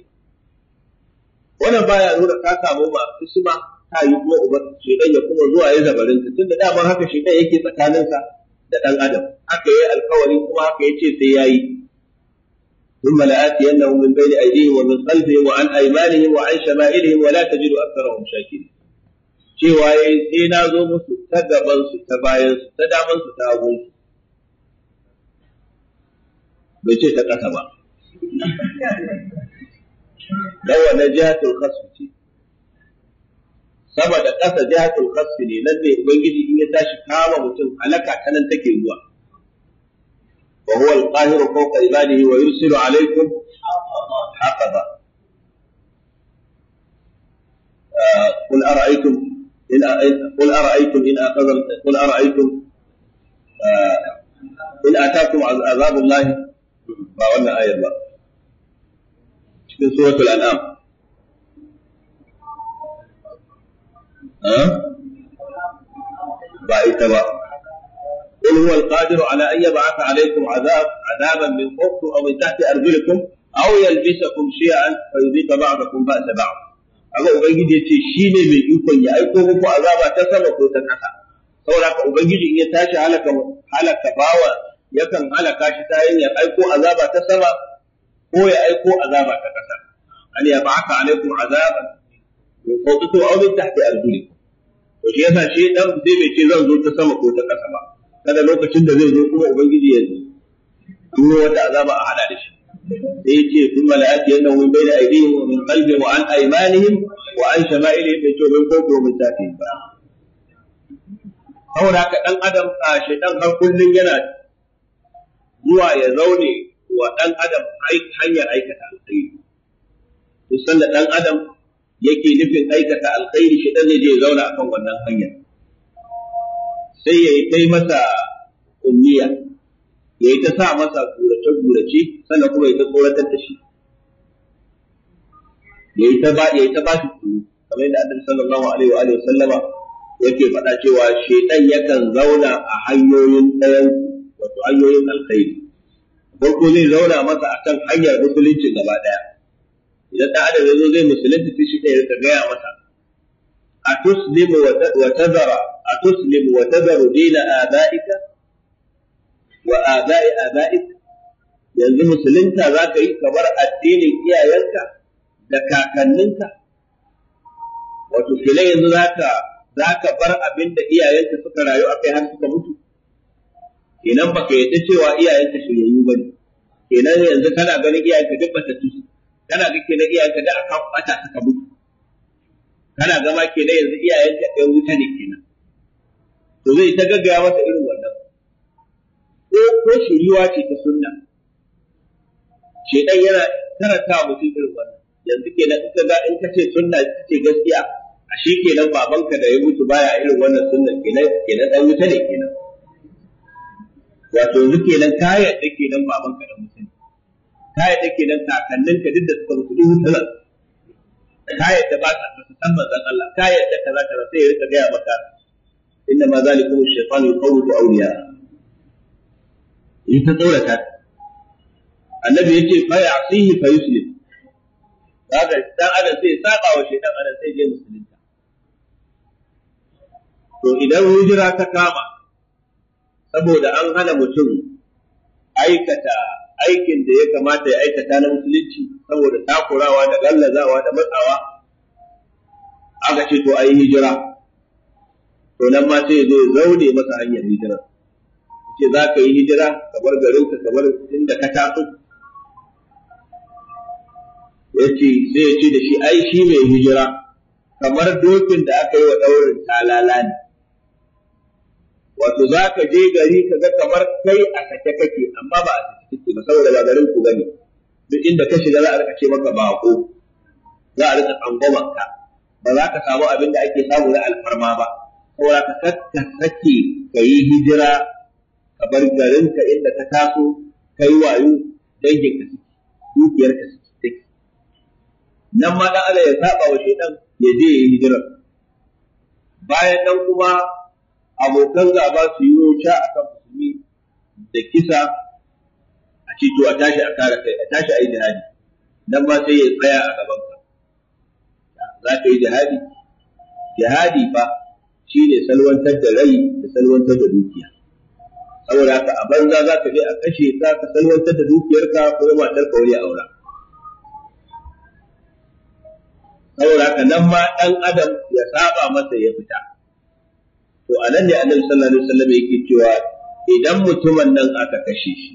wannan baya nuna ka samu ba kisma ta yi kuma uban shedan ya kuma zuwa ya zabarin ka tunda daman haka shedan yake tsakaninka da dan adam haka yayi alkawari kuma haka yace sai yayi ثم لآتينهم من بين أيديهم ومن خلفهم وعن أيمانهم وعن شمائلهم ولا تجد أكثرهم شاكرين cewa yayi sai na zo musu ta gaban su ta bayan su ta daman su ta hagun su bai ce ta ƙasa ba dawa na jihatul khasfi ce sama da ƙasa jihatul khasfi ne nan ne ubangiji in ya tashi kama mutum alaka ta nan take zuwa wa huwa al-qahiru fawqa ibadihi wa yursilu alaykum haqaba قل أرأيتم إن قل أرأيتم إن أخذ قل أرأيتم آه، إن أتاكم عذاب الله ما قلنا آية الله cikin سورة الأنعام ها؟ بعيد قل هو القادر على أن يبعث عليكم عذاب عذابا من فوقكم أو من تحت أرجلكم أو يلبسكم شيئا فيذيق بعضكم بأس بعض kaga ubangiji ya ce shi ne mai ikon ya aiko muku azaba ta sama ko ta ƙasa saboda ka ubangiji in ya tashi halaka halaka bawa yakan halaka shi ta hanyar aiko azaba ta sama ko ya aiko azaba ta ƙasa Ali ya ba'aka alaikum azaban min fawqikum aw min tahti arjulikum to shi yasa shi dan zai bai ce zan zo ta sama ko ta ƙasa ba kada lokacin da zai zo kuma ubangiji ya zo. turo wata azaba a hada da shi da yake kuma la ati yanahu bai da wa min qalbihim wa an aymanihim wa an shama'ilihim da cewa ko ko mun tafi ba saboda haka dan adam a shaytan har kullun yana zuwa ya zaune wa ɗan adam hanyar aikata alkhairi kusan da ɗan adam yake nufin aikata alkhairi shaytan zai je ya zauna akan wannan hanyar sai ya yi kai masa umniya ya yi ta sa masa tsoratar gurace sannan kuma ya ta tsoratar da shi ya yi ta ba ya yi ta ba shi tsoro kamar yadda annabi sallallahu alaihi wa alihi sallama yake faɗa cewa shaitan yakan zauna a hanyoyin ɗayan wato hanyoyin alkhairi farko zai zauna masa akan hanyar musulunci gaba ɗaya idan ɗan adam ya zo zai musulunci sai shi ɗaya ya gaya masa a tuslimu wa tazara a tuslimu wa tazaru dina abaika wa aba'i aba'ik yanzu musulunta za ka yi kamar addinin iyayenka da kakanninka wato kila yanzu za ka bar abin da iyayenka suka rayu a kai har suka mutu kenan baka yadda cewa iyayenka shiryayyu bane kenan yanzu kana ganin iyayenka duk bata tusu kana ga kenan iyayenka da aka bata suka mutu kana gama kenan yanzu iyayenka ɗan wuta ne kenan to zai ta gaggaya masa irin wannan ko ko shiriwa ce ta sunna dan yana karanta mutum irin wannan yanzu kenan nan ka ga in ka ce sunna ce gaskiya a shi kenan babanka da ya mutu baya irin wannan sunnar kenan nan dan wuta ne nan wato yanzu kenan ka yadda kenan babanka da mutum ka yadda kenan ka duk da suka mutu duk Ta ka yadda ba ka san manzon Allah ka yadda kaza kaza sai ya rika gaya maka inna ma zalikum shaytanu yuqawwitu awliya'a in ta tsorata annabi yace fa ya'sihi fa yuslim kaga dan adam sai saba wa shaytan adam sai je musulunta to idan hujira ta kama saboda an hana mutum aikata aikin da ya kamata ya aikata na musulunci saboda takurawa da gallazawa da matsawa aka ce to ayi hijira to nan ma sai ya zo zaune masa hanyar hijira ce za ka yi hijira ka bar garin ka ka bar inda ka taso yace sai ya ce da shi ai shi mai hijira kamar dokin da aka yi wa daurin talala ne wato za ka je gari ka ga kamar kai a sake kake amma ba a sake kake ba saboda ba garin ku bane duk inda ka shiga za a rika ce maka bako za a rika tsangwamanka ba za ka samu abin da ake samu na alfarma ba saboda ka sake ka yi hijira ka bar garinka inda ka taso kai wayo dangin ka suke dukiyar ka suke take nan ma dan Allah ya saba wa shedan ya je ya hijira bayan nan kuma abokan gaba su yi wuta akan musulmi da kisa a ce to a tashi a kare kai a tashi a yi jihadi nan ma sai ya tsaya a gaban ka za ka yi jihadi jihadi ba shi ne salwantar da rai da salwantar da dukiya saboda haka a banza za ka je a kashe ka ka salwantar da dukiyarka ko matar ka wani aura saboda haka nan ma dan adam ya saba masa ya fita to anan ne annabi sallallahu alaihi wasallam yake cewa idan mutumin nan aka kashe shi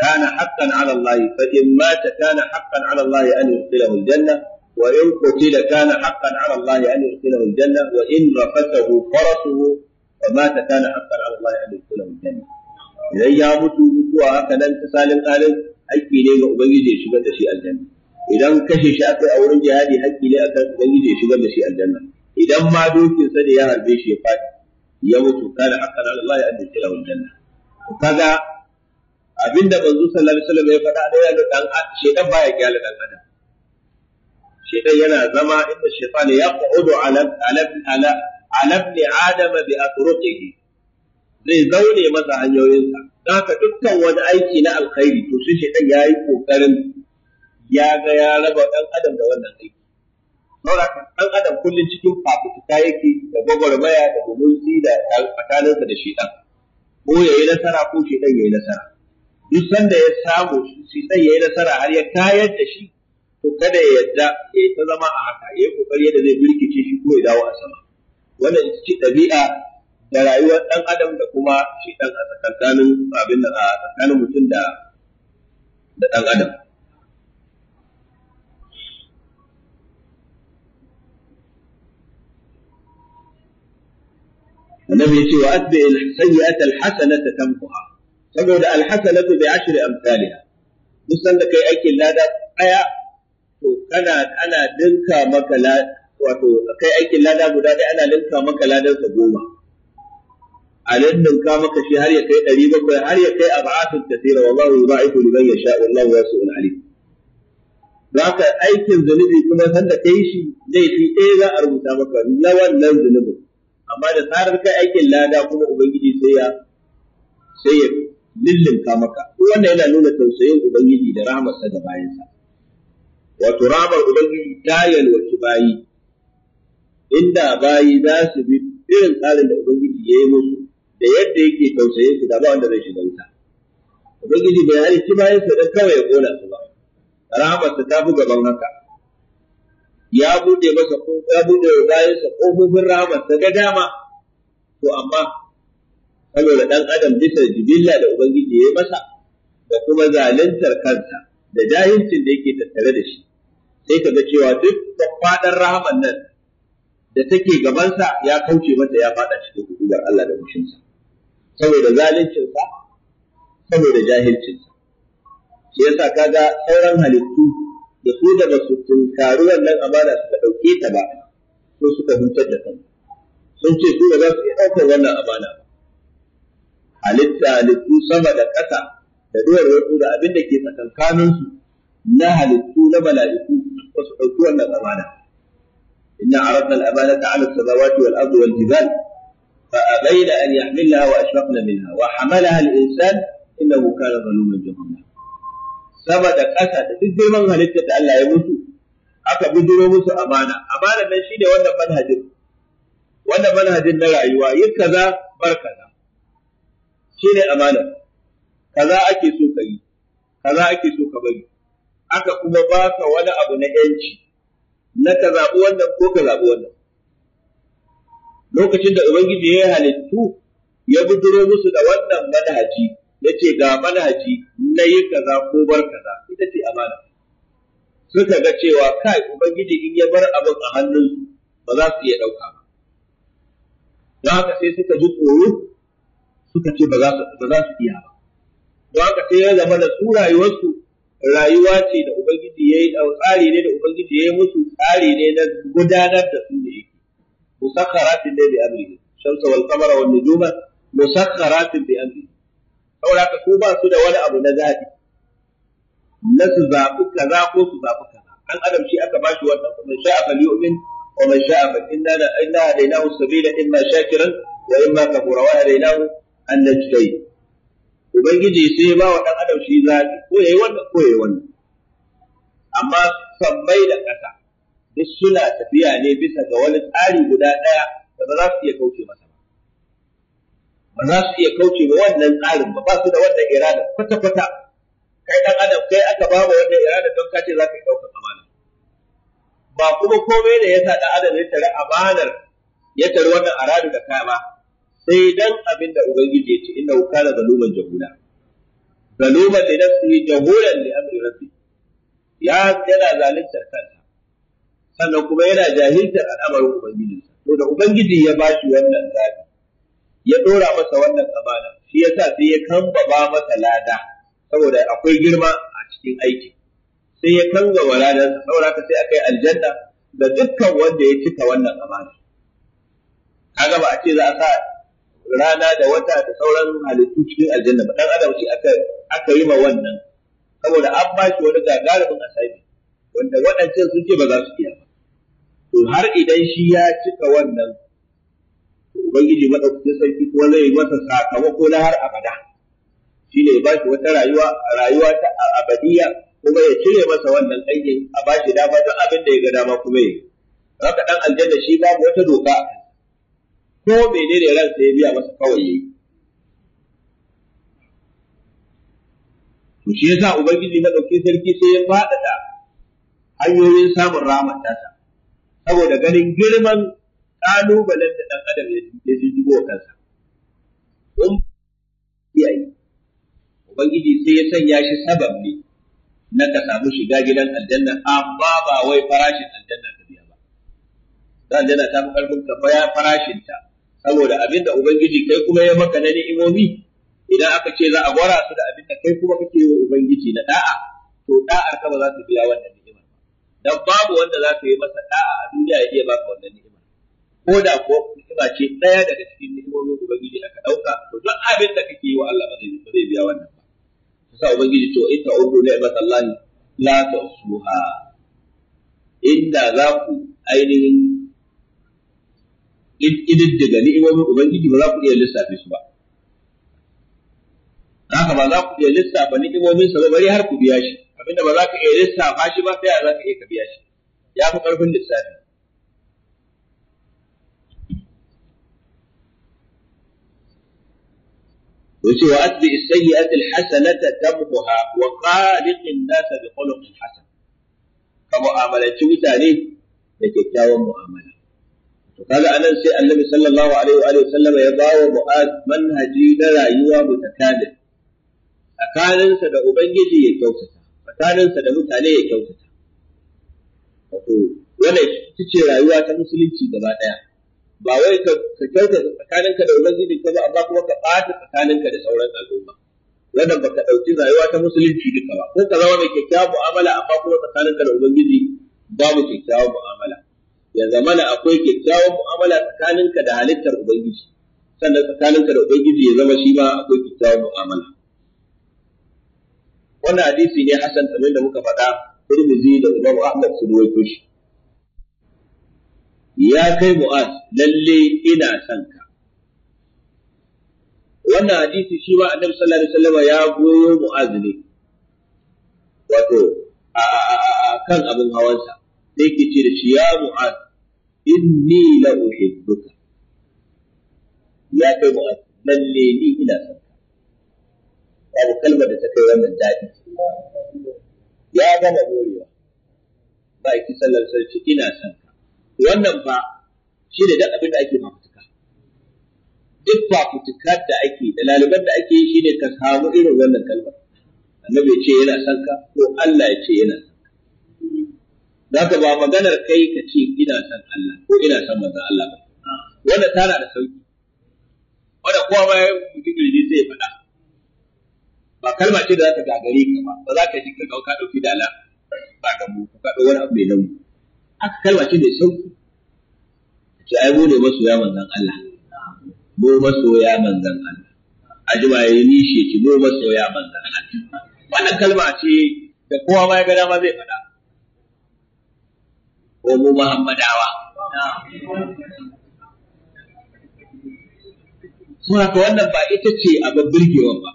kana haqqan ala Allah fa in mata kana haqqan ala Allah an yudkhilahu aljanna wa in qutila kana haqqan ala Allah an yudkhilahu aljanna wa in rafatahu farasuhu fa mata kana haqqan ala Allah an yudkhilahu idan ya mutu mutuwa haka nan ta salin alin haƙƙi ne ga ubangiji ya shigar da shi aljanna idan kashe shi akai a wurin jihadi haƙƙi ne akan ubangiji ya shigar da shi aljanna idan ma dokin sa ya harbe shi ya faɗi ya mutu kana haqqan ala Allah ya addace lahu aljanna kaga abinda manzo sallallahu alaihi wasallam ya faɗa da yana dan shedan baya kyale dan adam shedan yana zama inda shaytan ya qudu ala ala ala ala ibn adam bi atruqihi zai zaune masa hanyoyinsa Da haka dukkan wani aiki na alkhairi to shi shaitan ya yi kokarin ya ga ya raba ɗan adam da wannan aiki saboda ɗan adam kullum cikin fafutuka yake da gwagwarmaya da gumunci da tsakaninsa da shaitan ko ya yi nasara ko shaitan ya yi nasara duk sanda ya samu shaitan ya yi nasara har ya kayar da shi to kada ya yadda ya ta zama a haka ya yi kokari yadda zai birkice shi ko ya dawo a sama wannan ita ce ɗabi'a da rayuwar ɗan adam da kuma shi ɗan a tsakanin abin da a tsakanin mutum da da ɗan adam annabi ya ce wa atbi al sayyi'ata al hasanata tamkuha saboda al hasanatu bi ashri amsalha duk da kai aikin lada daya to kana ana dinka maka wato kai aikin lada guda ɗaya ana dinka maka ladan sa goma a lannin ka maka shi har ya kai ɗari bakwai har ya kai ab'atun kathira wallahu yudha'ifu liman yasha wallahu wasi'un alim zaka aikin zunubi kuma san da kai shi zai fi ɗaya za a rubuta maka na nan zunubin amma da tsarar kai aikin lada kuma ubangiji sai ya sai ya lillinka maka wannan yana nuna tausayin ubangiji da rahmarsa da bayansa wato rahmar ubangiji ta yalwaci bayi inda bayi za su bi irin tsarin da ubangiji ya yi musu da yadda yake tausaye su da ba wanda zai shiga wuta ubangiji bai halitta bayan sa dan kawai ya kona su ba rahamarsa ta fi gaban haka ya bude masa ko ya bude bayan sa kofofin ta ga dama to amma saboda dan adam bisa jibilla da ubangiji ya yi masa da kuma zaluntar kansa da jahilcin da yake tattare da shi sai ka ga cewa duk faɗan rahman nan da take gabansa ya kauce mata ya faɗa cikin hukumar Allah da mushinsa saboda zaluncinsa saboda jahilcinsa shi yasa kaga sauran halittu da su da basu tunkari wannan amana suka ɗauke ta ba ko suka hutar da kansu sun ce su ba za su iya ɗaukar wannan amana halitta halittu sama da ƙasa da duwar wasu da abin da ke tsakankaninsu na halittu na mala'iku ba su ɗauki wannan amana inna aradna al-amanata 'ala as-samawati wal-ardi wal-jibali فأبين أن يحملها وأشفقن منها وحملها الإنسان إنه كان ظلوما جهولا sama da ƙasa da duk girman halittar da Allah ya mutu aka bujiro musu amana amana nan shine wannan manhajin wannan manhajin na rayuwa yi kaza bar kaza shine amana kaza ake so ka yi kaza ake so ka bari aka kuma ba ka wani abu na yanci na ka zaɓi wannan ko ka zaɓi wannan lokacin da ubangiji ya halittu ya buduro musu da wannan manhaji yace ga manhaji na yi kaza ko bar kaza ita ce amana suka ga cewa kai ubangiji in ya bar abin a hannunsu ba za su iya ɗauka ba don haka sai suka ji tsoro suka ce ba za su iya ba don haka sai ya zama da su rayuwarsu rayuwa ce da ubangiji ya yi tsari ne da ubangiji ya yi musu tsari ne na gudanar da su ne musakkaratin ne bi amrihi shamsa wal qamara wan nujuma musakkaratin bi amrihi saboda ka su ba su da wani abu na zabi na su zabi kaza ko su zabi kaza an adam aka bashi wannan kuma sha'a falyu'min wa man sha'a a inna ubangiji sai ya ba wa dan adam shi zaɓi ko yi wannan ko yi wannan amma sabbai da ƙasa. duk suna tafiya ne bisa ga wani tsari guda ɗaya da ba za su iya kauce masa ba za su iya kauce ba wannan tsarin ba ba su da wannan irada kwata-kwata kai ɗan adam kai aka ba wa wannan irada don ka ce za ka yi ɗaukar amana ba kuma komai da ya sa ɗan adam ya tare amanar ya tare wannan aradu da kaya ba sai dan abin da ubangiji ya ce inna kana zaluman jahula zaluman da ya nasu yi jahuran da ya yana zaluntar kansa sannan kuma yana jahiltar al'amarin ubangiji to da ubangiji ya bashi wannan zabi ya dora masa wannan amana shi yasa sai ya kambaba masa lada saboda akwai girma a cikin aiki sai ya kanga ladan saboda haka sai akai aljanna da dukkan wanda ya cika wannan amana kaga ba a ce za a sa rana da wata da sauran halittu cikin aljanna ba dan adam shi aka aka yi ma wannan saboda an ba shi wani gagarumin asali wanda waɗancan sun ce ba za su iya har idan shi ya cika wannan ubangiji madaukakin sarki kuma zai masa sakamako na har abada shi ne ba shi wata rayuwa rayuwa ta abadiya kuma ya cire masa wannan aikin a ba shi dama don abin da ya ga dama kuma ya haka dan aljanna shi babu wata doka ko menene ransa ya biya masa kawai yayi to shi yasa ubangiji madaukakin sarki sai ya faɗaɗa hanyoyin samun rahmat saboda ganin girman ƙalubalen da ɗan adam ya jijjigo kansa don yi, ubangiji sai ya sanya shi sabab ne na ka samu shiga gidan aljanna amma ba wai farashin aljanna ka biya ba ta aljanna ta fi ƙarfin ka baya farashin ta saboda abin da ubangiji kai kuma ya maka na ni'imomi idan aka ce za a gwara su da abin da kai kuma kake yi wa ubangiji na da'a to da'ar ka ba za ta biya wannan dan babu wanda za ka yi masa da'a a duniya ya iya baka wannan ni'ima ko da ko ni'ima ce daya daga cikin ni'imomin ubangiji aka dauka to duk abin da kake yi wa Allah ba zai ba zai biya wannan ba sa ubangiji to in ta'udu ni'matallahi la suha inda za ku ainihin daga ni'imomin ubangiji ba za ku iya lissafe su ba haka ba za ku iya lissafa ni'imomin sa ba bari har ku biya shi abinda ba za ka iya lissafa shi ba sai za ka iya kabiya shi ya fi ƙarfin lissafi yace wa atbi as-sayyi'ati al-hasanata tamhuha wa khaliqin nas bi khuluqin hasan ka mu'amalaci mutane da kyakkyawan mu'amala to kaga anan sai annabi sallallahu alaihi wa alihi sallama ya bawa mu'ad manhaji na rayuwa mutakaddin tsakaninsa da ubangiji ya kyautata tsakaninsa da mutane ya kyautata wato wannan ita ce rayuwa ta musulunci gaba daya ba wai ka kyautata tsakaninka da ubangiji ka ba amma kuma ka ɓata tsakaninka da sauran al'umma wannan ba ka ɗauki rayuwa ta musulunci duka ba ko ka zama mai kyakkyawa mu'amala amma kuma tsakaninka da ubangiji babu kyakkyawa mu'amala ya zamana akwai kyakkyawan mu'amala tsakaninka da halittar ubangiji sannan tsakaninka da ubangiji ya zama shi ba akwai kyakkyawan mu'amala wannan hadisi ne hasan kamar da muka faɗa Tirmidhi da Imam Ahmad sun rawaito shi ya kai Mu'az lalle ina son ka wannan hadisi shi ma Annabi sallallahu alaihi wasallam ya goyo Mu'az ne wato a kan abin hawansa sai ke ce da shi ya Mu'az inni la uhibbuka ya kai Mu'az lalle ni ina son babu kalmar da ta kai wannan daɗi ya gama morewa ba ki sallar sarki ina son ka wannan ba shi ne duk abin da ake fafutuka duk fafutukar da ake da laliban da ake yi shi ne ka samu irin wannan kalmar annabi ya ce yana son ka ko Allah ya ce yana son ka zaka ba maganar kai ka ce ina son Allah ko ina son manzon Allah ba wannan tana da sauki wanda kowa ma ya mutum sai ya faɗa ba kalma ce da za ta gagare ka ba ba za ka ji ka ka dauki dala ba ga mu ka dauki wani abu mai nauyi aka kalma ce mai sauki ce ai mu ne ya manzon Allah mu ya manzon Allah ajima yayi nishi ce mu ya manzon Allah wannan kalma ce da kowa ma ya ga dama zai faɗa ko mu Muhammadawa Suna ka wannan ba ita ce abin birgewan ba,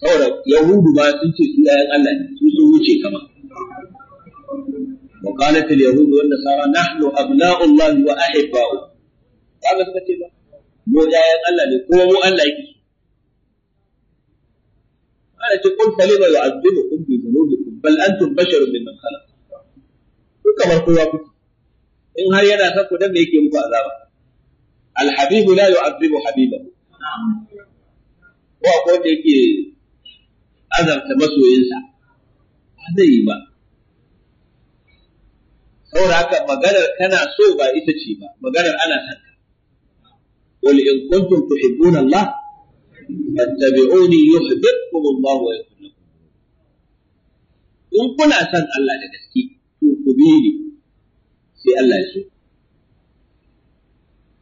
saboda yahudu ba sun ce su yayan Allah ne su sun wuce kama wa qalat al yahud wa nasara nahnu abna'u Allah wa ahibba'u kaga suka ce ba mu yayan Allah ne kuma mu Allah yake ana ce kun salima kun bi dhunubikum bal antum basharun min khalaq ku kamar kowa ku in har yana sa ku dan me yake muku azaba al habibu la yu'azzibu habibahu ko akwai wanda yake azabta masoyinsa ba zai yi ba saboda haka maganar kana so ba ita ce ba maganar ana son ka qul in kuntum tuhibbuna Allah fattabi'uni yuhibbukum Allah wa yaghfir lakum in kuna son Allah da gaske to ku bi ni sai Allah ya so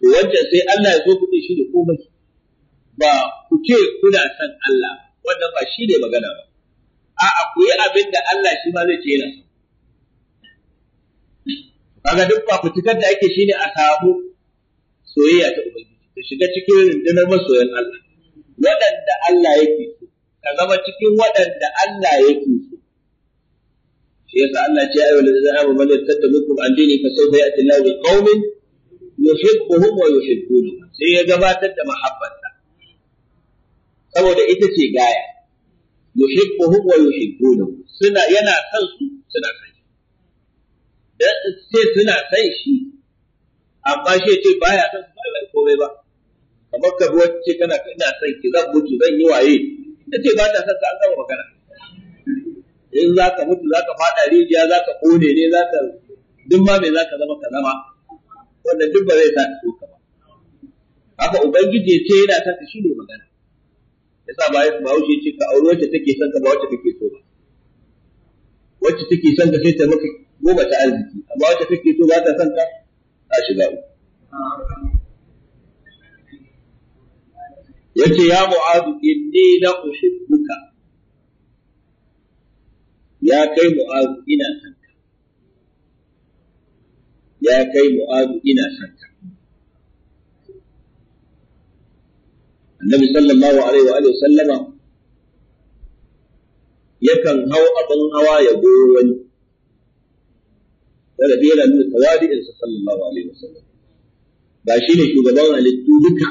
to wancan sai Allah ya so ku shi da komai ba ku ce kuna son Allah ba wannan ba shi ne magana ba a'a ku yi abin da Allah shi ma zai ce yana so kaga duk fafutukar da ake shine a samu soyayya ta ubangiji ta shiga cikin rundunar masoyan Allah waɗanda Allah yake so ka zama cikin waɗanda Allah yake so shi yasa Allah ce ayu la za'a ma man yattabi'ukum an dini fa sawfa ya'ti Allahu bi qaumin yuhibbuhum wa yuhibbunahu sai ya gabatar da mahabbar saboda ita ce gaya yuhibbuhum wa yuhibbunahu suna yana son su suna son shi da sai suna son shi amma shi ce baya son su ba komai ba kamar ka ruwa ce kana ina son ki zan mutu zan yi waye ita ce ba ta son ka an gama magana in za ka mutu za ka faɗa rijiya za ka ƙone ne za ka duk ma me za ka zama ka zama wannan duk ba zai sa ka so ka ba haka ubangiji ce yana son ka shi ne magana yasa ba ba wuce ce ka aure wacce take son ka ba wacce kake so ba wacce take son ka sai ta maka goma ta arziki amma wacce kake so ba ta son ka ta shiga uku yace ya mu'adu inni la uhibbuka ya kai mu'adu ina son ka ya kai mu'adu ina son ka annabi sallallahu alaihi wa sallama yakan hau abin hawa ya goyo wani sanadi yana nuna tawadi'insa sallallahu alaihi wa sallam ba shi ne shugaban halittu duka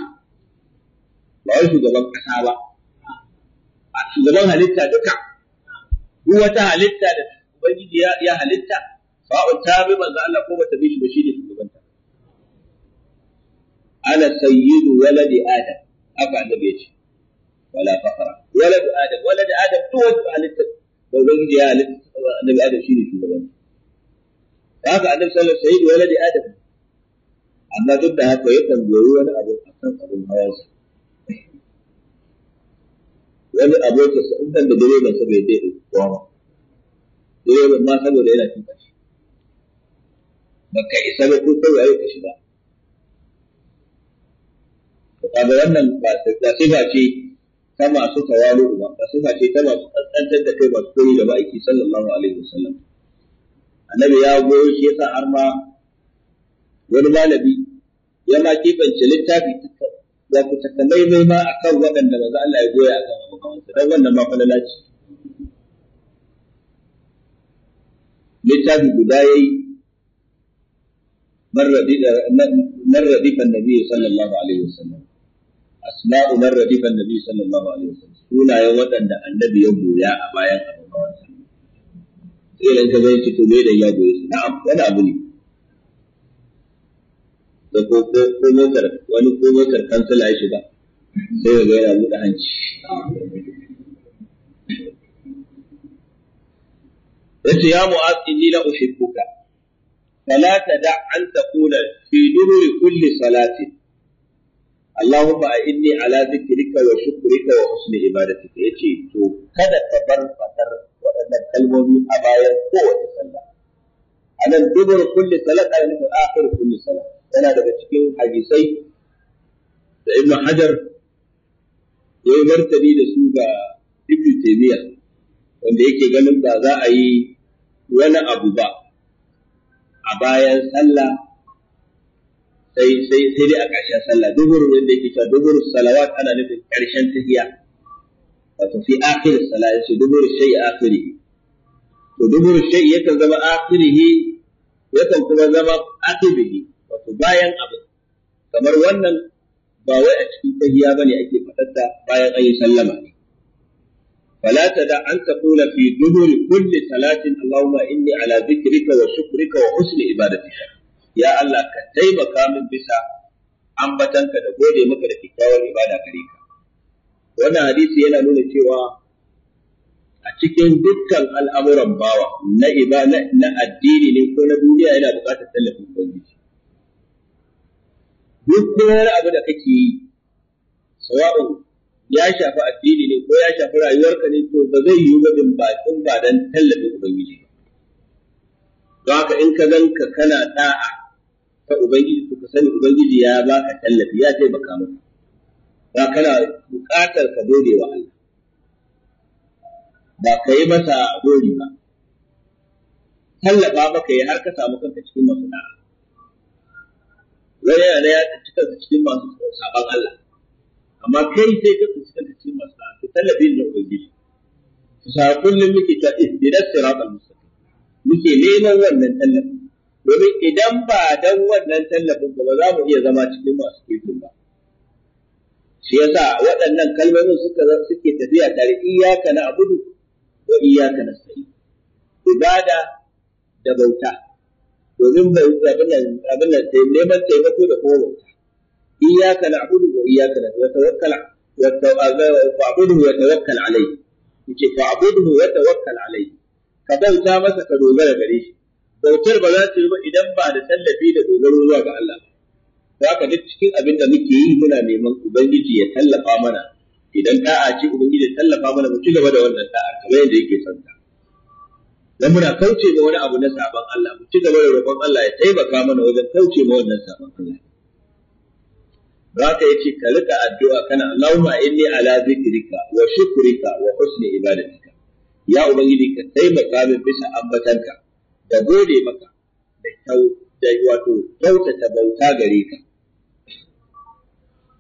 ba wai shugaban ƙasa ba a shugaban halitta duka duk wata halitta da ubangiji ya halitta sa'un ta bi manzo Allah ko bata bi shi ba shi ne ta. ana sayyidu waladi adam أبعد بيت ولا فقرة ولد آدم ولد آدم توج على ولد آدم النبي آدم شنو شنو ولد رافع النبي صلى الله عليه ولد آدم أما ضد هات ويفهم بيقول أبو الحسن أبو الهواز ولد أبو الحسن أنت أنت دريما سبعي دائم قوامة دريما ما سبعي لأنا تنفش بكا إسابة كل فوق أيوك شباب kaga wannan ba ba sifa ce ta masu tawalu ba ba sifa ce ta masu tsantsantar da kai masu koyi da ma'aiki sallallahu alaihi wasallam annabi ya goyo shi yasa har ma wani malami ya ma kifance littafi ya ku takamaimai ma kan waɗanda za Allah ya goya kan abokansa don wannan ma falala ce littafi guda ya yi من رديف النبي sallallahu alaihi عليه وسلم asma'u man radifa annabi sallallahu alaihi wasallam sunayen waɗanda annabi ya goya a bayan abin hawansa sai ran ka zai fito me da ya goye su na'am wani abu ne da ko ko motar wani ko motar kansila ya shiga sai ya ga yana buɗe hanci yace ya mu'az inni la uhibbuka fala tada an taqula fi duri kulli salatin Allahumma a inni ala zikrika wa shukrika wa husni ibadatika yace to kada ka bar fadar waɗannan kalmomi a bayan kowace sallah anan dubur kulli salat ala nufin akhir kulli salat yana daga cikin hadisai da Ibn Hajar ya yi martani da su ga Ibn Taymiyyah wanda yake ganin ba za a yi wani abu ba a bayan sallah sai sai sai dai a ƙarshen sallah duhurun wanda yake cewa duhurun salawat ana nufin ƙarshen tahiya wato fi akhir salat yace duhurun shay akhiri to duhurun shay yakan zama akhirihi yakan kuma zama aqibihi wato bayan abu kamar wannan ba wai a cikin tahiya bane ake fadarta bayan an yi sallama ne فلا تدع أن تقول في دبر كل صلاة اللهم إني على ذكرك وشكرك وحسن عبادتك ya Allah ka taimaka min bisa ambatanka da gode maka da kyakkyawar ibada gare ka wannan hadisi yana nuna cewa a cikin dukkan al'amuran bawa na ibada na addini ne ko na duniya yana buƙatar tallafin ubangiji duk wani abu da kake yi sawa'u ya shafi addini ne ko ya shafi rayuwarka ne to ba zai yiwu ba bakin ba don tallafin ubangiji ba don haka in ka ganka kana da'a ta ubangiji to ka sani ubangiji ya baka tallafi ya taimaka maka ba kana buƙatar ka dole wa Allah ba ka yi masa dole ba tallafa ka yi har ka samu kanka cikin masu da'a wani yana ya tsinci kansa cikin masu saban Allah amma kai sai ka tsinci kanka cikin masu da'a to tallafin da ubangiji sa kullum muke ta ihdinas siratal mustaqim muke neman wannan tallafin domin idan ba don wannan tallafin ba za mu iya zama cikin masu kirkin ba shi yasa waɗannan kalmomin suka suke tafiya tare iyyaka na abudu wa iyyaka nasta'in ibada da bauta domin bai abin nan abin nan sai neman taimako da kuma bauta iyyaka na abudu wa iyyaka nasta'in wa tawakkal wa ta'budu wa tawakkal alayhi yake fa'budu wa tawakkal alai, ka bauta masa ka dogara gare shi bautar ba za ta yi ba idan ba da tallafi da dogaro zuwa ga Allah ba. za ka duk cikin abin da muke yi muna neman ubangiji ya tallafa mana idan ɗa'a ce ubangiji ya tallafa mana mu ci gaba da wannan da'a kamar yadda yake son ta dan muna kauce ma wani abu na sabon Allah mu ci gaba da roƙon Allah ya taimaka mana wajen kauce ma wannan sabon Allah za ka yi yace ka rika addu'a kana Allahumma inni ala zikrika wa shukrika wa husni ibadatika ya ubangiji ka taimaka min bisa ambatanka da gode maka da wato kyautata bauta gare ka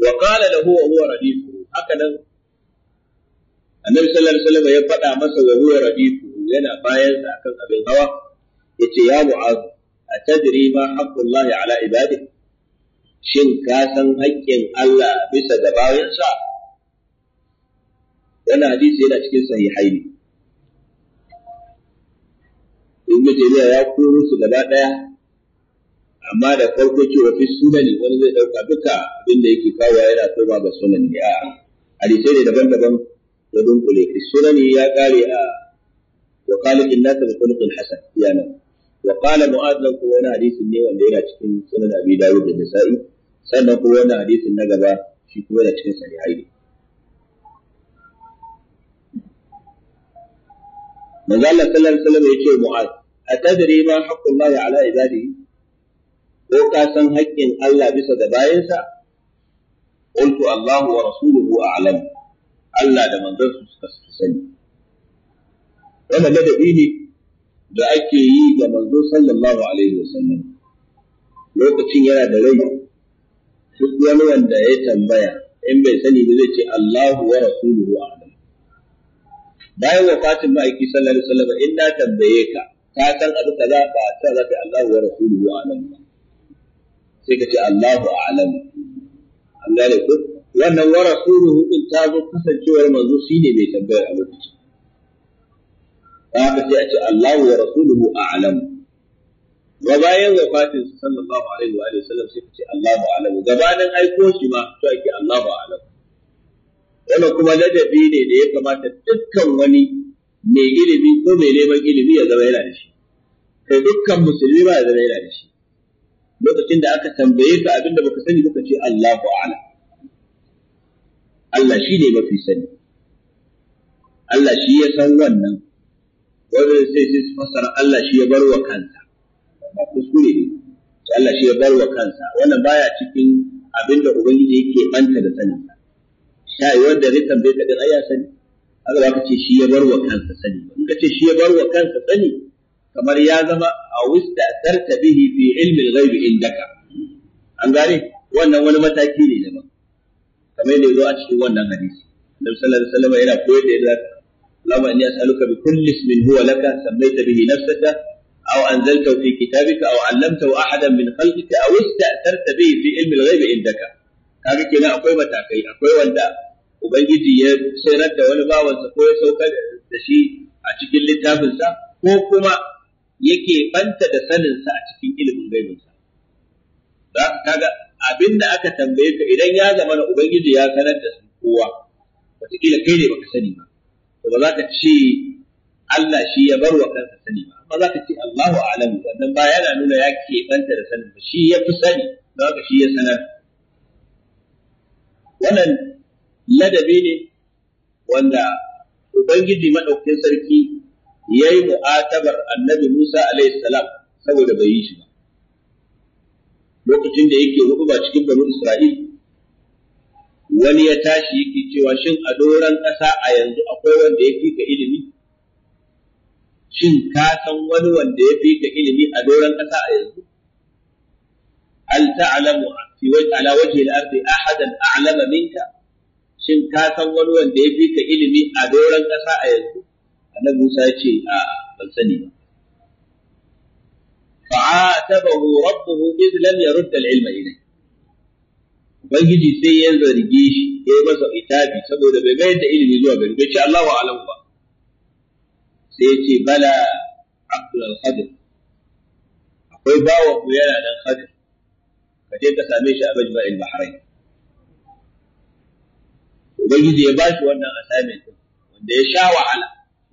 wa qala lahu wa huwa radifu haka nan annabi sallallahu alaihi wasallam ya faɗa masa wa huwa radifu yana bayan sa akan abin hawa yace ya A atadri ma haqqullahi ala ibadi shin ka san haƙƙin Allah bisa ga bayansa wannan hadisi yana cikin sahihaini ibn taymiya ya koro su gaba daya amma da farko cewa fi sunani wani zai dauka duka abin da yake kawo yana koma ga sunani a hadisai ne daban-daban da dunkule fi sunani ya kare a wa qaliqin nas bi khuluqin hasan ya nan wa qala mu'adh lahu wani hadisin ne wanda yana cikin sunan abi dawud da nasa'i sannan kuma wani hadisin na gaba shi kuma yana cikin sahihai manzo Allah sallallahu alaihi wasallam ya ce mu'adh a kadari ma haqqullahi ala ibadihi ko ka san haƙƙin Allah bisa da bayansa qultu Allahu wa rasuluhu a'lam Allah da manzon su suka sani wannan ladabi ne da ake yi ga manzo sallallahu alaihi wasallam lokacin yana da rai duk wani wanda ya tambaya in bai sani ba zai ce Allahu wa rasuluhu a'lam bayan wafatin ma'aiki sallallahu alaihi wasallam in na tambaye ka ka san abu za a ta za ta Allahu wa Rasulu alam ba sai ka ce Allahu alam Allah gane ko wannan wa Rasulu hukun ta zo kasancewar manzo shine mai tambayar a lokaci ba ka sai a ce Allahu wa wa alam ga bayan wafatin sallallahu alaihi wa sallam sai ka ce Allahu alam gabanin aiko shi ma to ake Allahu alam wannan kuma ladabi ne da ya kamata dukkan wani mai ilimi ko mai neman ilimi ya zama yana da shi kai dukkan musulmi ba ya zama yana da shi lokacin da aka tambaye ka abinda baka sani baka ce Allahu a'lam Allah shi ne mafi sani Allah shi ya san wannan wanda sai sai fasara Allah shi ya bar wa kansa ba kuskure ne Allah shi ya bar wa kansa wannan baya cikin abinda ubangiji yake banta da sani. sai wanda zai tambaye ka din ai ya sani haka za ka ce shi ya bar wa kansa sani in ka ce shi ya bar wa kansa sani kamar ya zama a wista tarta bihi fi ilmin ghaibi indaka an gane wannan wani mataki ne daban kamar yadda zo a cikin wannan hadisi Annabi sallallahu alaihi wasallam yana koyar da yadda Allahumma inni as'aluka bi kulli ismin huwa laka sammaita bihi nafsaka أو أنزلته في كتابك أو علمته أحدا من خلقك أو استأثرت به في علم الغيب عندك kaga kenan akwai matakai akwai wanda ubangiji ya tsirar da wani bawansa ko ya saukar da shi a cikin littafinsa ko kuma yake banta da saninsa a cikin ilimin gaibinsa za ka kaga abin da aka tambaye ka idan ya zama na ubangiji ya sanar da kowa wataƙila kai ne baka sani ba to ba za ka ce Allah shi ya bar wa kansa sani ba amma za ka ce Allahu alam wannan ba yana nuna ya ke banta da sanin ba shi ya fi sani don haka shi ya sanar wannan ladabi ne wanda ubangiji madaukakin sarki yayi mu'atabar annabi Musa alaihi salam saboda bai yi shi ba lokacin da yake hudu ba cikin banu Isra'il wani ya tashi yake cewa shin a doran ƙasa a yanzu akwai wanda ya fi ka ilimi shin ka san wani wanda ya fi ka ilimi a doran ƙasa a yanzu al ta'lamu fi wajhi ala wajhi al-ardi ahadan a'lama minka shin ka san wani wanda ya fi ka ilimi a doron ƙasa a yanzu annabi Musa ya ce a ban sani ba fa'atabahu rabbuhu id lam yurd al-ilma ilayhi ubangiji sai ya zarge shi ya masa itabi saboda bai mayar da ilimi zuwa gari bai ce Allahu a'lam ba sai ya ce bala abdul al-qadir akwai bawa ku yana nan qadir ka je ka same shi a majma'il bahrain ubangiji ya bashi wannan assignment din wanda ya sha wahala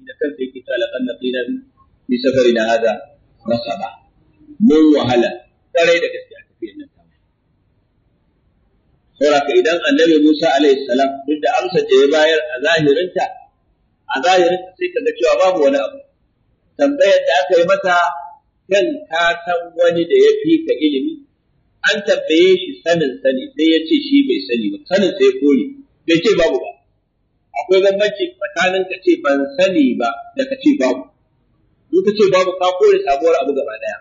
da kansa yake ta laqad naqina bi safari da hada nasaba mun wahala kwarai da gaske a tafiyar nan saboda idan annabi Musa alaihi salam duk da amsa da ya bayar a zahirinta a zahirinta sai ka ga cewa babu wani abu tambayar da aka yi mata kan ka san wani da ya fi ka ilimi an tambaye shi sanin sani sai ya ce shi bai sani ba sanin sai kore bai ce babu ba akwai bambanci tsakanin ka ce ban sani ba da ka ce babu in ka ce babu ka kore sabuwar abu gaba daya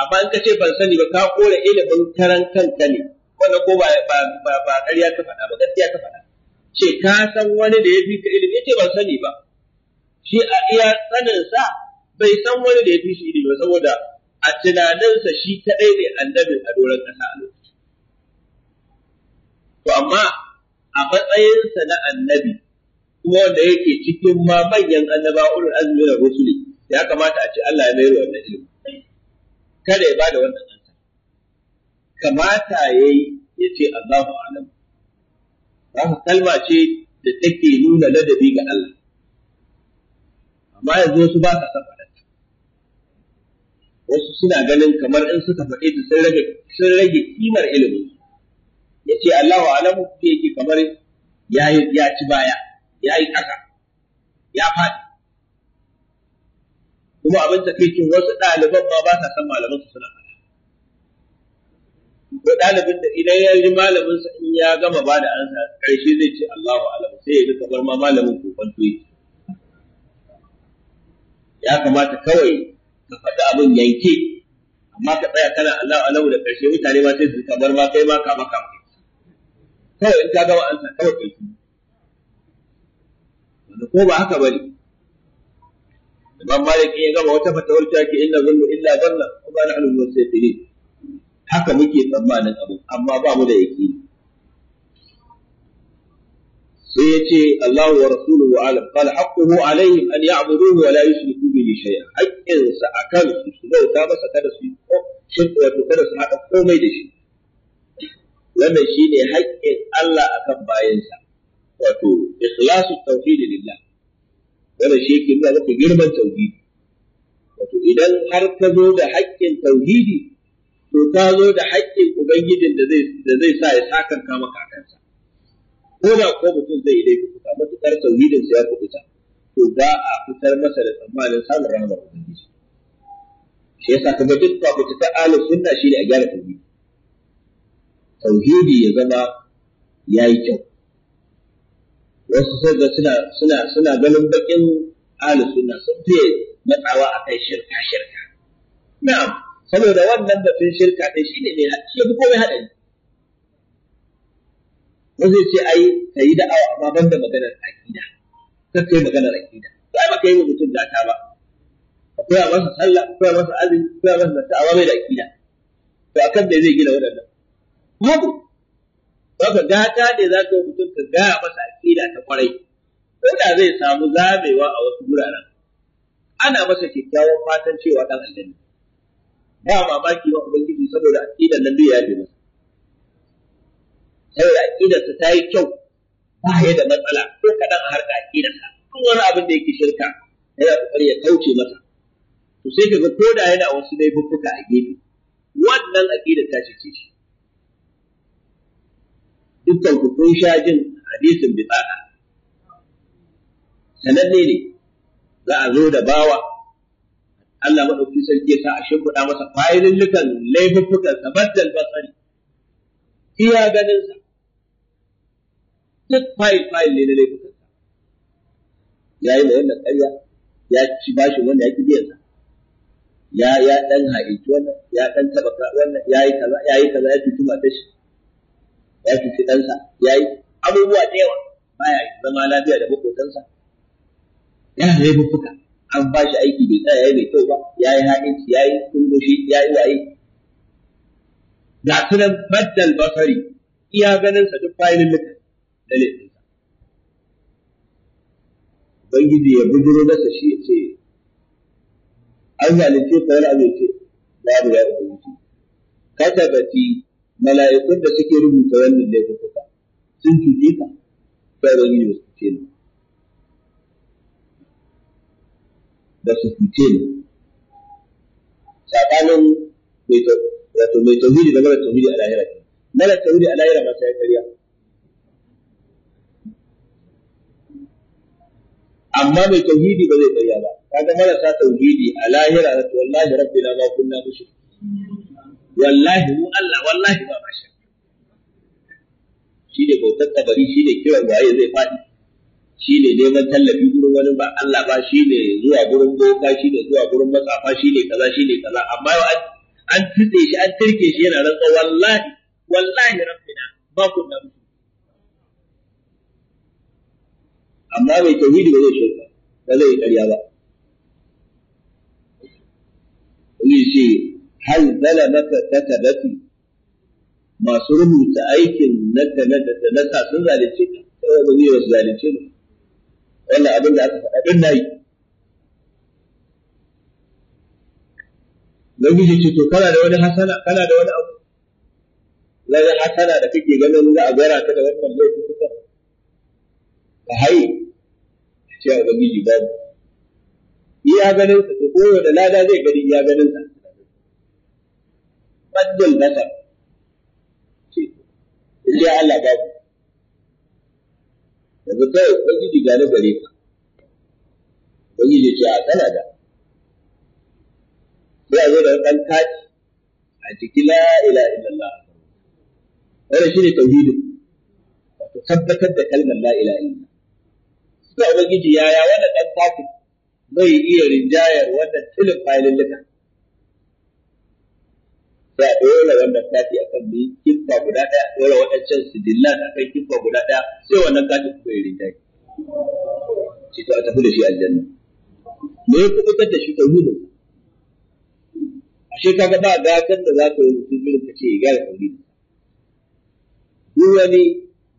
amma in ka ce ban sani ba ka kore ilimin karan kanka ne wanda ko ba ba ba ƙarya ta faɗa ba gaskiya ta faɗa ce ka san wani da ya fi ka ilimi ce ban sani ba shi a iya sanin sa bai san wani da ya fi shi ilimi ba saboda a tunaninsa shi kadai ne annabin a doron ƙasa a lokaci to amma a matsayinsa na annabi kuma wanda yake cikin ma manyan annaba ulul azmi da rusuli ya kamata a ce Allah ya mai wannan ilimi kada ya bada wannan ansa kamata yayi ya ce Allahu a'lam haka kalma ce da take nuna ladabi ga Allah amma yanzu wasu ba sa son wasu suna ganin kamar in suka faɗe su sun rage kimar ilimin su ce Allahu alamu ke yake kamar ya ya ci baya ya yi ƙasa ya faɗi kuma abin takaicin wasu ɗaliban ma ba sa san malaman su suna faɗa ko ɗalibin da idan ya ji malamin sa in ya gama ba da ansa ƙarshe zai ce Allahu alamu sai ya ga kamar ma malamin ko kwanto yake ya kamata kawai ka faɗi abin yanke amma ka tsaya kana Allah alahu da ƙarshe mutane ma sai su kamar ma kai ma ka maka kawai in ka gama an ta kawai kai wanda ko ba haka bane Imam Malik ya gama wata fatawar ta ke inna zulmu illa zanna kuma nahnu mustaqilin haka muke tsammanin abu amma ba mu da yaqini sai ya ce Allah wa rasuluhu alam qala haqquhu alaihim an ya'buduhu wa la yushriku bihi shay'a haƙƙinsa akan su su bauta masa kada su shirka wato kada su haɗa komai da shi wannan ne haƙƙin Allah akan bayansa wato ikhlasu tauhid lillah wannan shi yake nuna maka girman tauhidi wato idan har ka zo da haƙƙin tauhidi to ka zo da haƙƙin ubangijin da zai da zai sa ya sakanka kama kansa ko da ko mutum zai laifi kuka matukar tauhidin sa ya kubuta to ba a fitar masa da tsammanin samun rahmar ubangiji shi yasa kuma duk ba ku ta alu sunna ne a gyara tauhidi tauhidi ya zama ya yi kyau wasu sai suna suna suna ganin bakin ahli sunna sun fiye matsawa akan shirka shirka na'am saboda wannan batun shirka ɗin shi ne mai shi yafi komai haɗari wasu ce ai ka yi da'awa amma ban da maganar akida kar ka yi maganar akida ba ba ka yi wa mutum gata ba akwai a masa sallah akwai a masa azumi akwai a masa zakka amma bai da aƙida to akan da zai gina waɗanda. babu Baka gata ne za ka mutum ka gaya masa aƙida ta kwarai, wanda zai samu zamewa a wasu wuraren. Ana masa kyakkyawan fatan cewa ɗan aljanna. Ba mamaki wa Ubangiji saboda aƙidar nan ya ji Saboda aƙidarsa ta yi kyau, ba ya da matsala ko kaɗan a harka aƙidarsa. Duk wani abin da yake shirka yana ƙoƙari ya kauce masa. To sai ka ga ko da yana wasu laifuffuka a gefe, wannan aƙidar ta cece shi. dukkan ku kun sha jin hadisin bitsaka sananne ne za a zo da bawa Allah maɗauki sarki ya sa a shimfiɗa masa fayilullukan laifuffukan sa baddal basari iya ganin sa duk fayil fayil ne na laifukan sa ya yi wannan ƙarya ya ci bashin wanda ya ki sa ya ya dan haƙiƙi wannan ya dan taba wannan ya yi kaza ya yi kaza ya tutu mata shi ya cuci ɗansa ya yi abubuwa da yawa baya zama lafiya da makotansa ya haifi fuka an ba shi aiki bai tsaya yi mai kyau ba ya yi haɗinci ya yi tungushi ya yi waye ga sunan baddal basari iya ganinsa duk fayilin lukan da laifinsa ubangiji ya bujuro nasa shi ya ce an zalunce ka wani abu ya ce babu ya ubangiji katabati mala'ikun da suke rubuta wannan laifuka sun cuce ka sai ban yi su ce ni da su cuce ni sakanin mai wato mai tauhidi da mara tauhidi a lahira mara tauhidi a lahira ma sai kariya amma mai tauhidi ba zai kariya ba kaga sa tauhidi a lahira wallahi rabbina ma kunna mushrikin wallahi mu Allah wallahi ba ma shakka shi ne bautar kabari shi ne kiran waye zai faɗi shi ne neman tallafi gurin wani ba Allah ba shi ne zuwa gurin boka shi ne zuwa gurin matsafa shi ne kaza shi ne kaza amma an an shi an turke shi yana rantsa wallahi wallahi rabbina ba ku da mutu amma mai tauhidi ba zai shirka ba zai yi ƙarya ba. Wani shi haizala maka katabati masu rubuta aikin na da ta nasa sun zalice ka sai ba zai wasu zalice ne wannan abin da aka faɗa din nayi Ubangiji ce to kana da wani hasana kana da wani abu lalle hasana da kake ganin za a gara ta da wannan laifin Ta ka haye ce Ubangiji babu iya ganin sa to koyo da lada zai gani iya ganin sa nazar basar sai Allah babu yanzu kawai ubangiji gane gare ka ubangiji ce a kana da sai a zo da ɗan kati a ciki la ila illallah wannan shine tauhidin wato tabbatar da kalmar la ila illallah sai ubangiji yaya wannan ɗan kati bai iya rinjayar wannan tilin fayilin lukan sai a ɗora wannan kati a kan mai kiffa guda ɗaya a ɗora waɗancan su dillan a kan kiffa guda ɗaya sai wannan kati kuma ya rinta shi. Shi to a tafi da shi aljanna. Me ya kubutar da shi tauhidin? Ashe kaga ba gatan da za ka yi mutum irin ka ce ya gyara tauhidin. Duk wani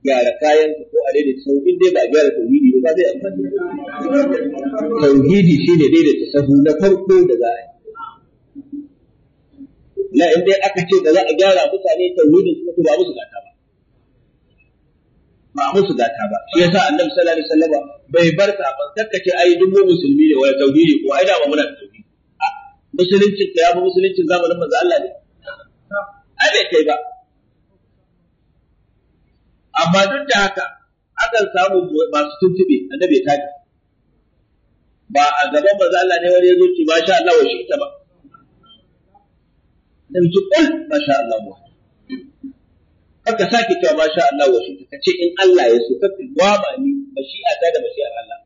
gyara kayan ka ko a daidaita sau in dai ba a gyara tauhidi ba ba zai amfani. Tauhidi shine daidaita sahu na farko da za a yi. na in dai aka ce da za a gyara mutane tauhidin su to ba musu gata ba ba musu gata ba shi yasa annabi sallallahu alaihi wasallam bai bar ta ban ce ai duk mu musulmi ne wai tauhidi ko ai da ba muna tauhidi musulunci ta ya musulunci zamanin manzo Allah ne ai bai kai ba amma duk da haka akan samu masu tuntube annabi ta ta. ba a gaban manzo Allah ne wani ya zo ba sha Allah wa shi ta ba ɗan ba sha Allah wa sa sake cewa sha Allah wa shi ka ce in Allah ya so kafin gwaba ni mashi'a ta da mashi'ar Allah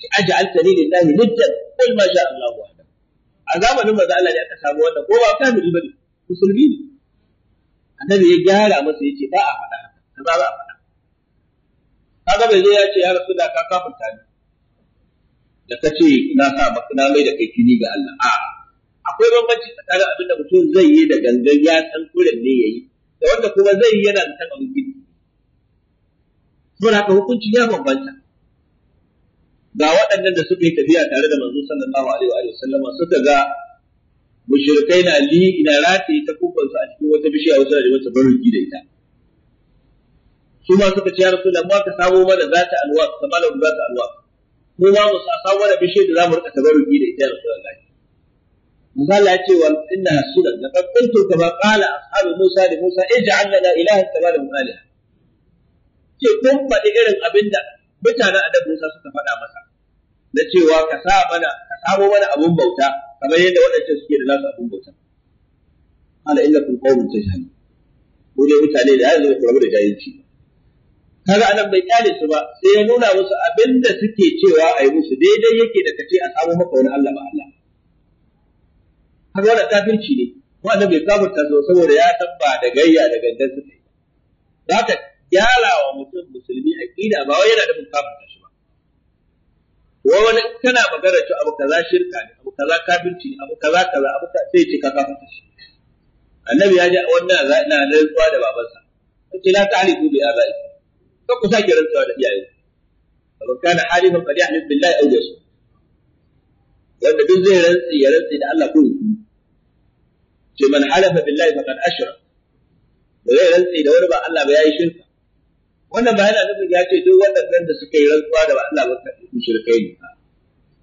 ki aj'alta li lillahi niddan ba sha Allah ba. a zamanin maza Allah ne aka samu wanda ko ba ba ne musulmi ne annabi ya gyara masa ya ce ba a faɗa haka ba za a faɗa kaga bai zo ya ce ya rasu da ka kafirta ne da ce na sa maka na mai da kai kini ga Allah a'a akwai bambanci tsakanin abin da mutum zai yi da gangan ya san kuren ne ya yi, da wanda kuma zai yi yana da san abin gidi saboda hukuncin ya bambanta ga waɗannan da suka yi tafiya tare da manzo sallallahu alaihi wa sallama suka ga mushrikai na li ina rataye ta su a cikin wata bishiya wata da wata barin da ita su ma suka ce ya rasu da mu ka samo mana za ta alwa ka malam za ta alwa mu ma mu sa samo mana bishiyar da za mu rika ta barin da ita ya rasu da misali ya ce السورة لقد قلت كما قال أصحاب موسى لموسى Musa da Musa ij'al lana ilahan kama lahum alaha ce kun faɗi irin abinda mutanen annabi Musa suka faɗa masa na cewa ka sa samo mana abun bauta kamar yadda waɗancan suke da nasu abun bauta kaga anan bai kyale su ba sai ya nuna musu abinda suke cewa ai musu daidai yake da kace a samo maka wani Allah ba Allah kaga wannan kafirci ne wannan bai kafirta so saboda ya tabba da gayya da gandan su kai zaka wa mutum musulmi aqida ba wai yana da mun kafirta shi ba wa wani kana magana cewa abu kaza shirka ne abu kaza kafirci ne abu kaza kaza abu ta sai ce ka kafirta shi annabi ya ji wannan na rantsuwa da babansa kace la ta'rifu bi abai ko ku sake rantsuwa da iyaye kamar kana halifan qad yahmid billahi aw yasud wanda duk zai rantsi ya rantsi da Allah ko yi ce man halafa billahi faqad ashrak da zai rantsi da wani ba Allah ba yayi shirka wannan ba yana nufin ya ce duk waɗannan da suka yi rantsuwa da ba Allah ba su shirkai ne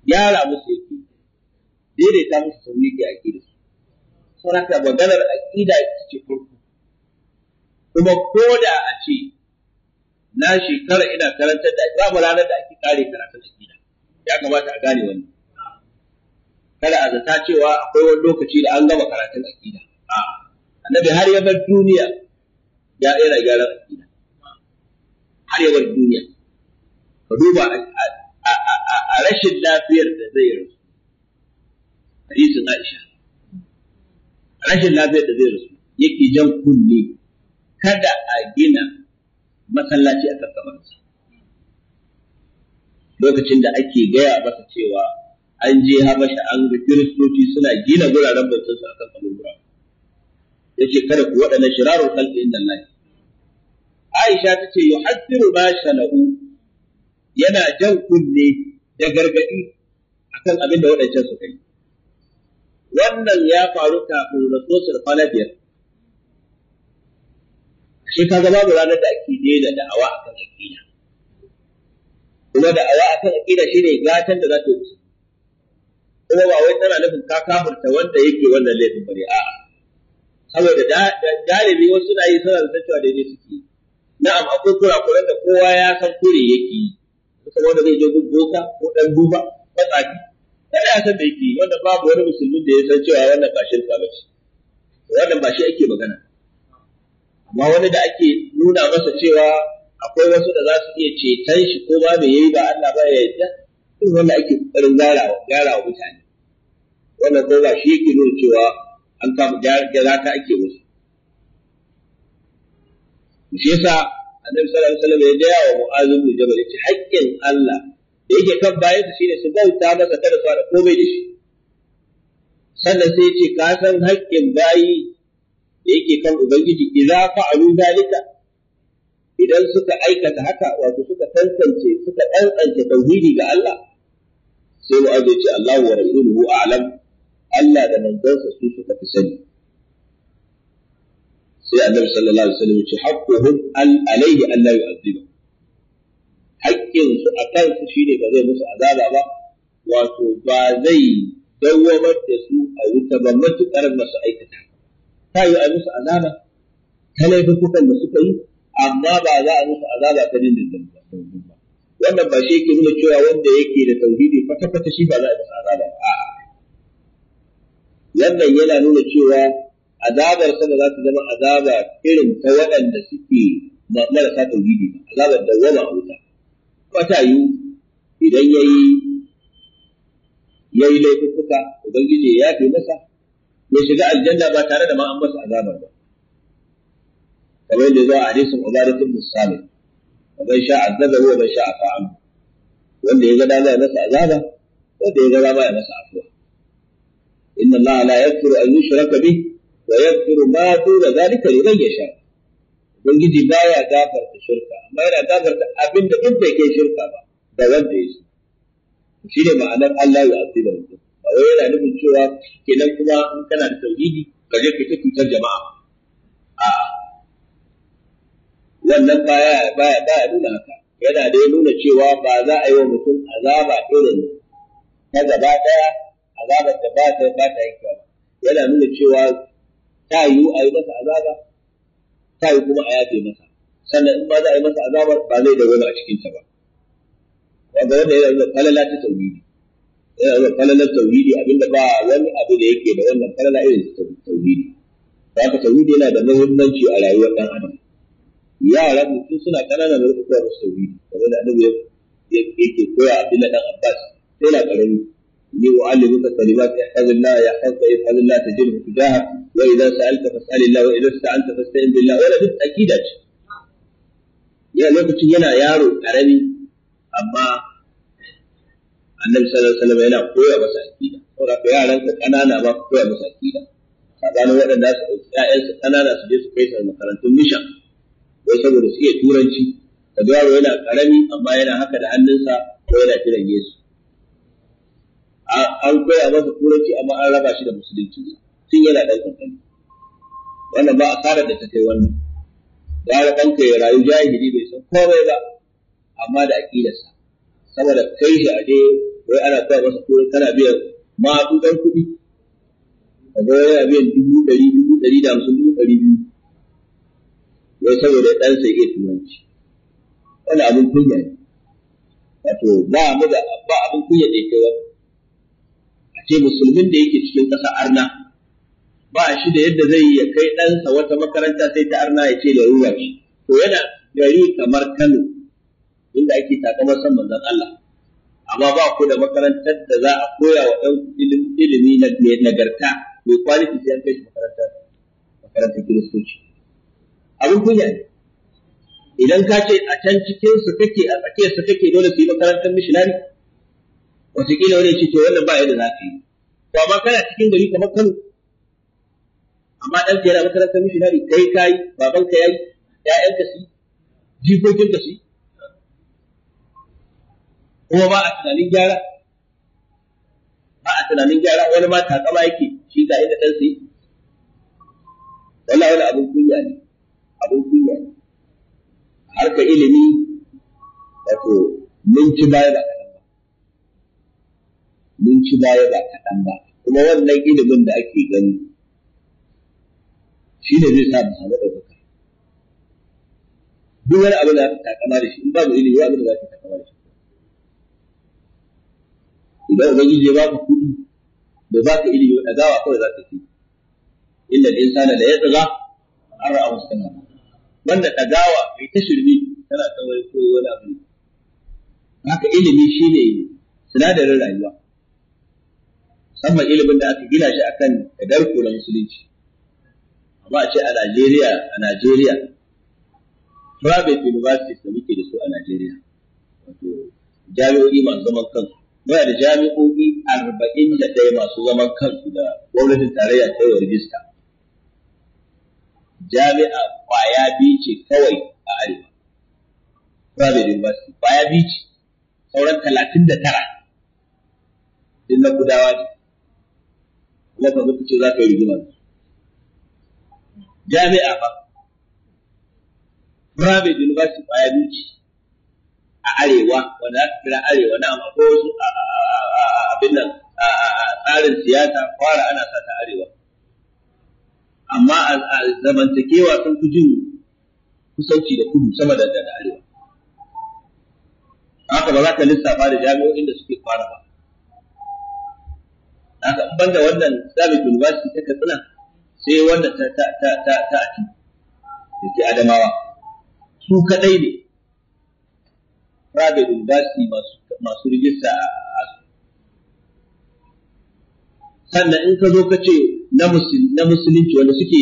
gyara musu yake ta musu sauri da ake da su sun haka maganar aƙida ita ce farko kuma ko da a ce na shekara ina karantar da babu ranar da ake kare karatun aƙida ya kamata a gane wannan kada a zata cewa akwai wani lokaci da an gama karatun aqida a annabi har ya bar duniya ya yana gyaran aqida har ya bar duniya ka duba a rashin lafiyar da zai rasu hadisin Aisha rashin lafiyar da zai rasu yake jan kunne kada a gina masallaci a kankamarsa lokacin da ake gaya masa cewa an je habasha an ga kiristoci suna gina guraren bautar su akan Ya yace kada ku waɗannan shirarun khalqi inda Allah Aisha ta ce yuhaddiru ma shalahu yana jan kunne da gargadi akan abin da waɗancan su kai. wannan ya faru kafin rasul kwana biyar shi kaga babu ranar da ake daina da'awa akan aqida kuma da'awa akan aqida shine gatan da za ta yi kuma ba wai tana nufin ka kafirta wanda yake wannan laifin bane a saboda galibi wasu suna yi suna da cewa daidai suke na'am akwai kurakuran da kowa ya san kure yake yi kusan wanda zai je gugguka ko dan duba matsaki, kada ya san da yake yi wanda babu wani musulmin da ya san cewa wannan ba shirka ba ce wannan ba shi ake magana amma wani da ake nuna masa cewa akwai wasu da za su iya ceton shi ko ba mai yayi ba Allah ba ya yarda irin wanda ake ƙoƙarin gyarawa wa mutane wannan ko ba shi yake nuna cewa an kama gyara ta ake musu shi yasa annabi sallallahu alaihi wasallam ya gaya wa mu'azu bin jabal yace haƙƙin Allah da yake kan bayan shi ne su bauta masa kada su da komai da shi sannan sai yace ka san haƙƙin bayi da yake kan ubangiji idza fa'alu zalika idan suka aikata haka wato suka tantance suka tsantsance tauhidi ga Allah sai mu'az ya ce Allahu wa rasuluhu a'lam Allah da manzansa su suka fi sani sai annabi sallallahu alaihi wasallam ya ce haqquhum alayhi an la yu'adhibu haƙƙin su akan su shine ba zai musu azaba ba wato ba zai dawwamar da su a wuta ba matuƙar masu aikata ta yi a musu azaba ta laifin kukan da suka yi amma ba za a musu azaba ta dindindin ba wannan ba shi yake nuna cewa wanda yake da tauhidi kwata shi ba za a masa azaba wannan yana nuna cewa azabar sama za ta zama azaba irin ta waɗanda suke marasa tauhidi ba azabar dawwama a wuta ba yi idan yayi yayi laifuffuka ubangiji ya fi masa ya shiga aljanna ba tare da ma an masa azabar ba kamar yadda zuwa a hadisin ubaratun musalih man sha azaba wa man sha afa wanda ya ga dama ya masa azaba wanda ya ga dama ya masa afuwa inna allaha la yaghfiru an yushraka bihi wa yaghfiru ma duna zalika liman yasha ubangiji baya gafarta shirka amma yana gafarta abinda duk bai kai shirka ba da wanda ya shi shi ne ma'anar Allah ya da ku ba wai yana nufin cewa kenan kuma in kana da tauhidi ka je ka cutar jama'a a wannan baya baya baya nuna haka yana dai nuna cewa ba za a yi wa mutum azaba irin ta gaba daya azabar da ba ta ba ta yanke ba yana nuna cewa ta yi a yi masa azaba ta yi kuma a yafe masa sannan in ba za a yi masa azabar ba zai wani a cikin ta ba wanda wanda yana nuna kalala ta tauhidi yana nuna falalar tauhidi abinda ba wani abu da yake da wannan kalala irin tauhidi da haka tauhidi yana da muhimmanci a rayuwar dan adam yara mutum suna kanana da rubuta da sauri kamar da annabi yake koya a Abdullahi dan Abbas sai na karami ni u'allimuka kalimat ihfazillah yahfazuka ihfazillah tajidhu tujaha wa idza sa'alta fas'alillah wa idan sta'anta fasta'in billah wala duk akida ce ya lokacin yana yaro karami amma annabi sallallahu alaihi wasallam yana koya masa akida saboda ka yaran ka kanana ba koya masa akida sabanin waɗanda su ɗauki ƴaƴansu kanana su je su kai su makarantun mishan wai saboda su iya turanci ka ga yaro yana karami amma yana haka da hannunsa ko yana kiran Yesu an koya masa turanci amma an raba shi da musulunci tun yana dan kankani wannan ba a fara da ta kai wannan ya ɗanka ya rayu jahili bai san komai ba amma da sa saboda kai shi aje wai ana koya masa turanci kana biyan ma'adudan kuɗi kaga yana biyan dubu ɗari dubu ɗari da hamsin dubu ɗari biyu wai saboda ɗansa ya iya turanci wani abin kunya ne wato ba mu da ba abin kunya da yake wani a ce musulmin da yake cikin ƙasa arna ba shi da yadda zai ya kai ɗansa wata makaranta sai ta arna ya ce larura shi to yana gari kamar Kano inda ake takamar san manzon Allah amma ba ku da makarantar da za a koya wa ɗan ilimi na nagarta mai kwaliti sai an kai shi makarantar makarantar kiristoci abin kunya ne idan ka ce a can cikin su kake a tsakiyar su kake dole su yi makarantar wasu wataƙila wani ce to wannan ba yadda za ka yi to amma kana cikin gari kamar Kano amma ɗan ka yana makarantar mishinari kai ka yi baban ka yayi ƴaƴan ka su jikokin ka su kuma ba a tunanin gyara ba a tunanin gyara wani ma takama yake shi ga inda ɗan sai wallahi wani abin kunya ne abin kunya harka ilimi wato mun ci baya ba kaɗan ba mun ci baya ba kaɗan ba kuma wannan ilimin da ake gani shi ne zai sa mu samu ɗaukaka duk wani abin da aka takama da shi in babu ilimi wani abin da za ka takama da shi idan ubangiji ya baka kuɗi da ka ilimi ɗagawa kawai za ka ci illa da insana tsaga, an ra'a wasu istana wanda ɗagawa mai ta shirme tana tsawon koyi wani abu ne haka ilimi shi ne sinadarin rayuwa musamman ilimin da aka gina shi akan darko na musulunci amma a ce a Najeriya a Najeriya private universities da muke da su a Najeriya wato jami'o'i masu zaman kansu muna da jami'o'i arba'in da ɗaya masu zaman kansu da gwamnatin tarayya ta yi wa rijista jami'a kwaya biyu kawai a arewa private university kwaya biyu sauran talatin da tara din na kudawa ne kuma ka zo ce za ka yi rigima jami'a ba private university kwaya biyu a arewa wanda aka kira arewa na amma ko wasu abin nan tsarin siyasa fara ana sa ta arewa amma a zamantakewa sun fi jin kusanci da kudu sama da daga arewa haka ba za ka lissafa da jami'o'in da suke fara ba haka in banda wannan Islamic University ta Katsina sai wannan ta ta ta da ke Adamawa su kaɗai ne private university masu masu rijista a sannan in ka zo ka ce na musulunci wanda suke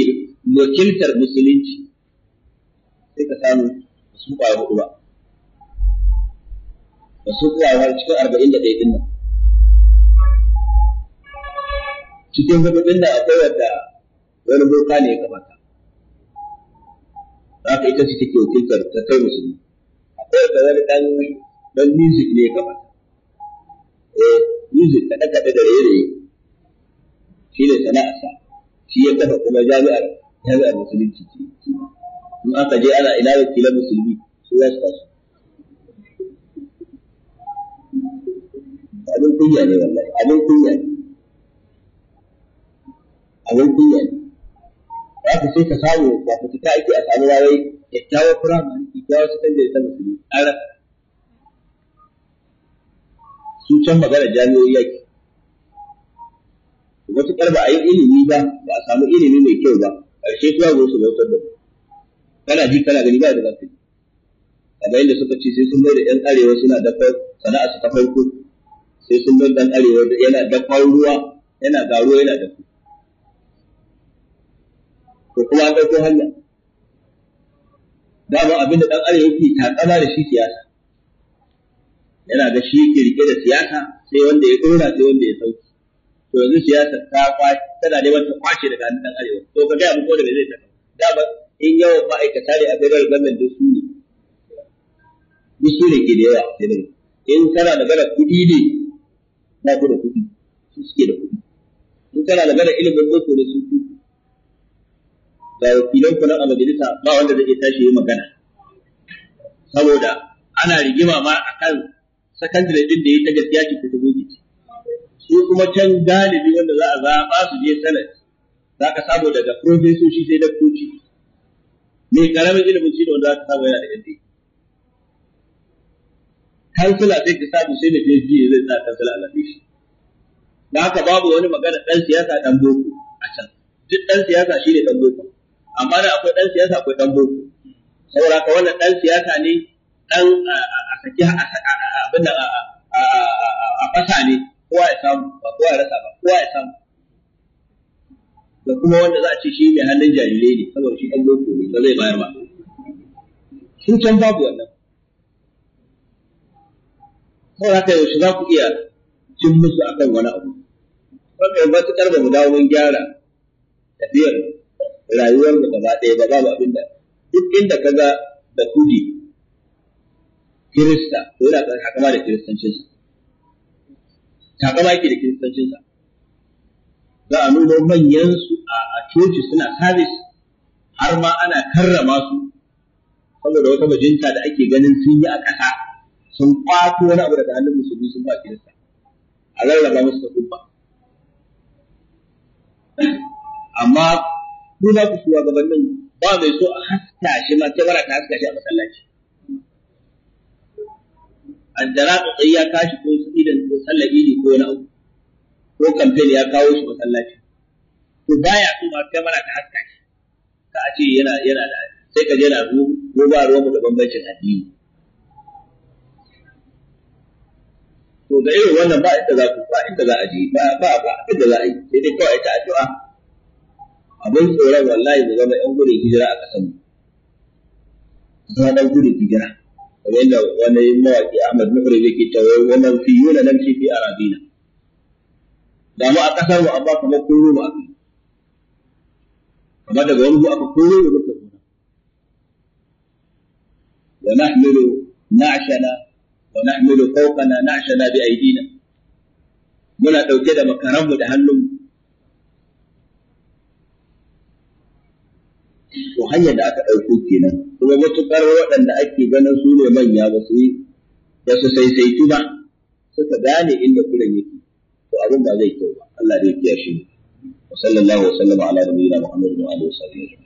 wakiltar musulunci sai ka samu su kwaya hudu ba ba su kwaya cikin arba'in da ɗaya ɗin nan cikin hudu ɗin nan akwai wadda wani boka ne ya kamata za ka ita ce take wakiltar ta kai musulmi akwai wadda wani ɗan ɗan music ne ya kamata eh music kaɗe-kaɗe da raye-raye shi ne sana'arsa shi ya kafa kuma jami'ar jami'ar musulunci ce in aka je ana ina wakilan musulmi su za su kasu abin kunya ne wallahi abin kunya ne abin kunya ne za ku sai ka samu ba ka fita ake a samu rawai kyakkyawar firamare kyakkyawar sakandare ta musulmi an rasa su can magana jami'o'i yaki matuƙar ba a yi ilimi ba ba a samu ilimi mai kyau ba ƙarshe kuma zo su bautar da kana ji kana gani ba da za ka yi kamar yadda suka ce sai sun bai da 'yan arewa suna dafa sana'a su ta farko sai sun bai ɗan arewa yana dafa ruwa yana garo yana dafa ko kuma an ɗauko hanya dama abinda ɗan arewa ke takama da shi siyasa yana da shi riƙe da siyasa sai wanda ya ɗora sai wanda ya sauki to yanzu siyasa ta kwace tana neman ta kwace daga hannun dan arewa to ka gaya mu ko daga zai ta dama in yawan ma'aikata ne a federal government da su ne duk su ne ke da yawa a in kana magana kuɗi ne na ku da kuɗi su suke da kuɗi in kana magana ilimin boko ne su su ga wakilan ku a majalisa ba wanda zai tashi yi magana saboda ana rigima ma akan sakandare din da ya ta gaskiya ce ta Ko kuma can galibi wanda za a zaɓa su je sanad za ka samu daga profesoshi sai daktoci mai karamin ilimin shi da wanda za ka samu yana da yadda kansila sai ka samu sai da ya zai sa kansila a lafi shi da haka babu wani magana ɗan siyasa ɗan boko a can duk ɗan siyasa shi ne ɗan boko amma da akwai ɗan siyasa akwai ɗan boko saboda ka wannan ɗan siyasa ne ɗan a saki abin da a fasa ne kowa ya samu ba kowa ya rasa ba kowa ya samu da kuma wanda za a ce shi mai hannun jarirai ne saboda shi ɗan boko ne ba zai bayar ba su can babu wannan Kawai haka yaushe za ku iya cin musu akan wani abu haka matuƙar ba mu dawo mun gyara tafiyar rayuwar mu gaba ɗaya ba babu abin da duk inda ka ga da kudi kirista ko yana haka ma da kiristancinsa takama yake da kiristancinsa za a nuna manyansu a coci suna sabis har ma ana karrama su saboda wata bajinta da ake ganin sun yi a ƙasa sun ƙwato wani abu daga hannun musulmi sun ba kirista a rarraba musu da amma ku za ku shugabannin ba mai so a haska shi ma bara ta haska shi a masallaci addara tsatsai ya kashi ko idan sallar idi ko wani abu ko kamfen ya kawo shi masallaci to baya so ma kai mana ta haska shi ka a ce yana yana da sai ka je na zo ko ba ruwan mu da bambancin addini to da irin wannan ba inda za ku ba inda za a je ba ba ba inda za a yi sai dai kawai ta addu'a abin tsoron wallahi mu zama yan gudun hijira a kasan mu zama yan gudun hijira kamar yadda wani mawaƙi Ahmad Muhrib yake ta wai wannan fi yuna nan fi arabina da mu a kasar mu amma kamar kun mu akai kamar daga wani aka kullu mu muka kuma wa nahmilu na'shana wa nahmilu fawqana na'shana bi aydina muna dauke da makaran mu da hannun mu hanyar da aka ɗauko kenan kuma matuƙar waɗanda ake ganin su ne manya ba su ba su saisaitu ba suka gane inda kuren yake to abin ba zai kyau ba Allah zai kiyashe mu sallallahu wa sallama ala wa alihi wa sahbihi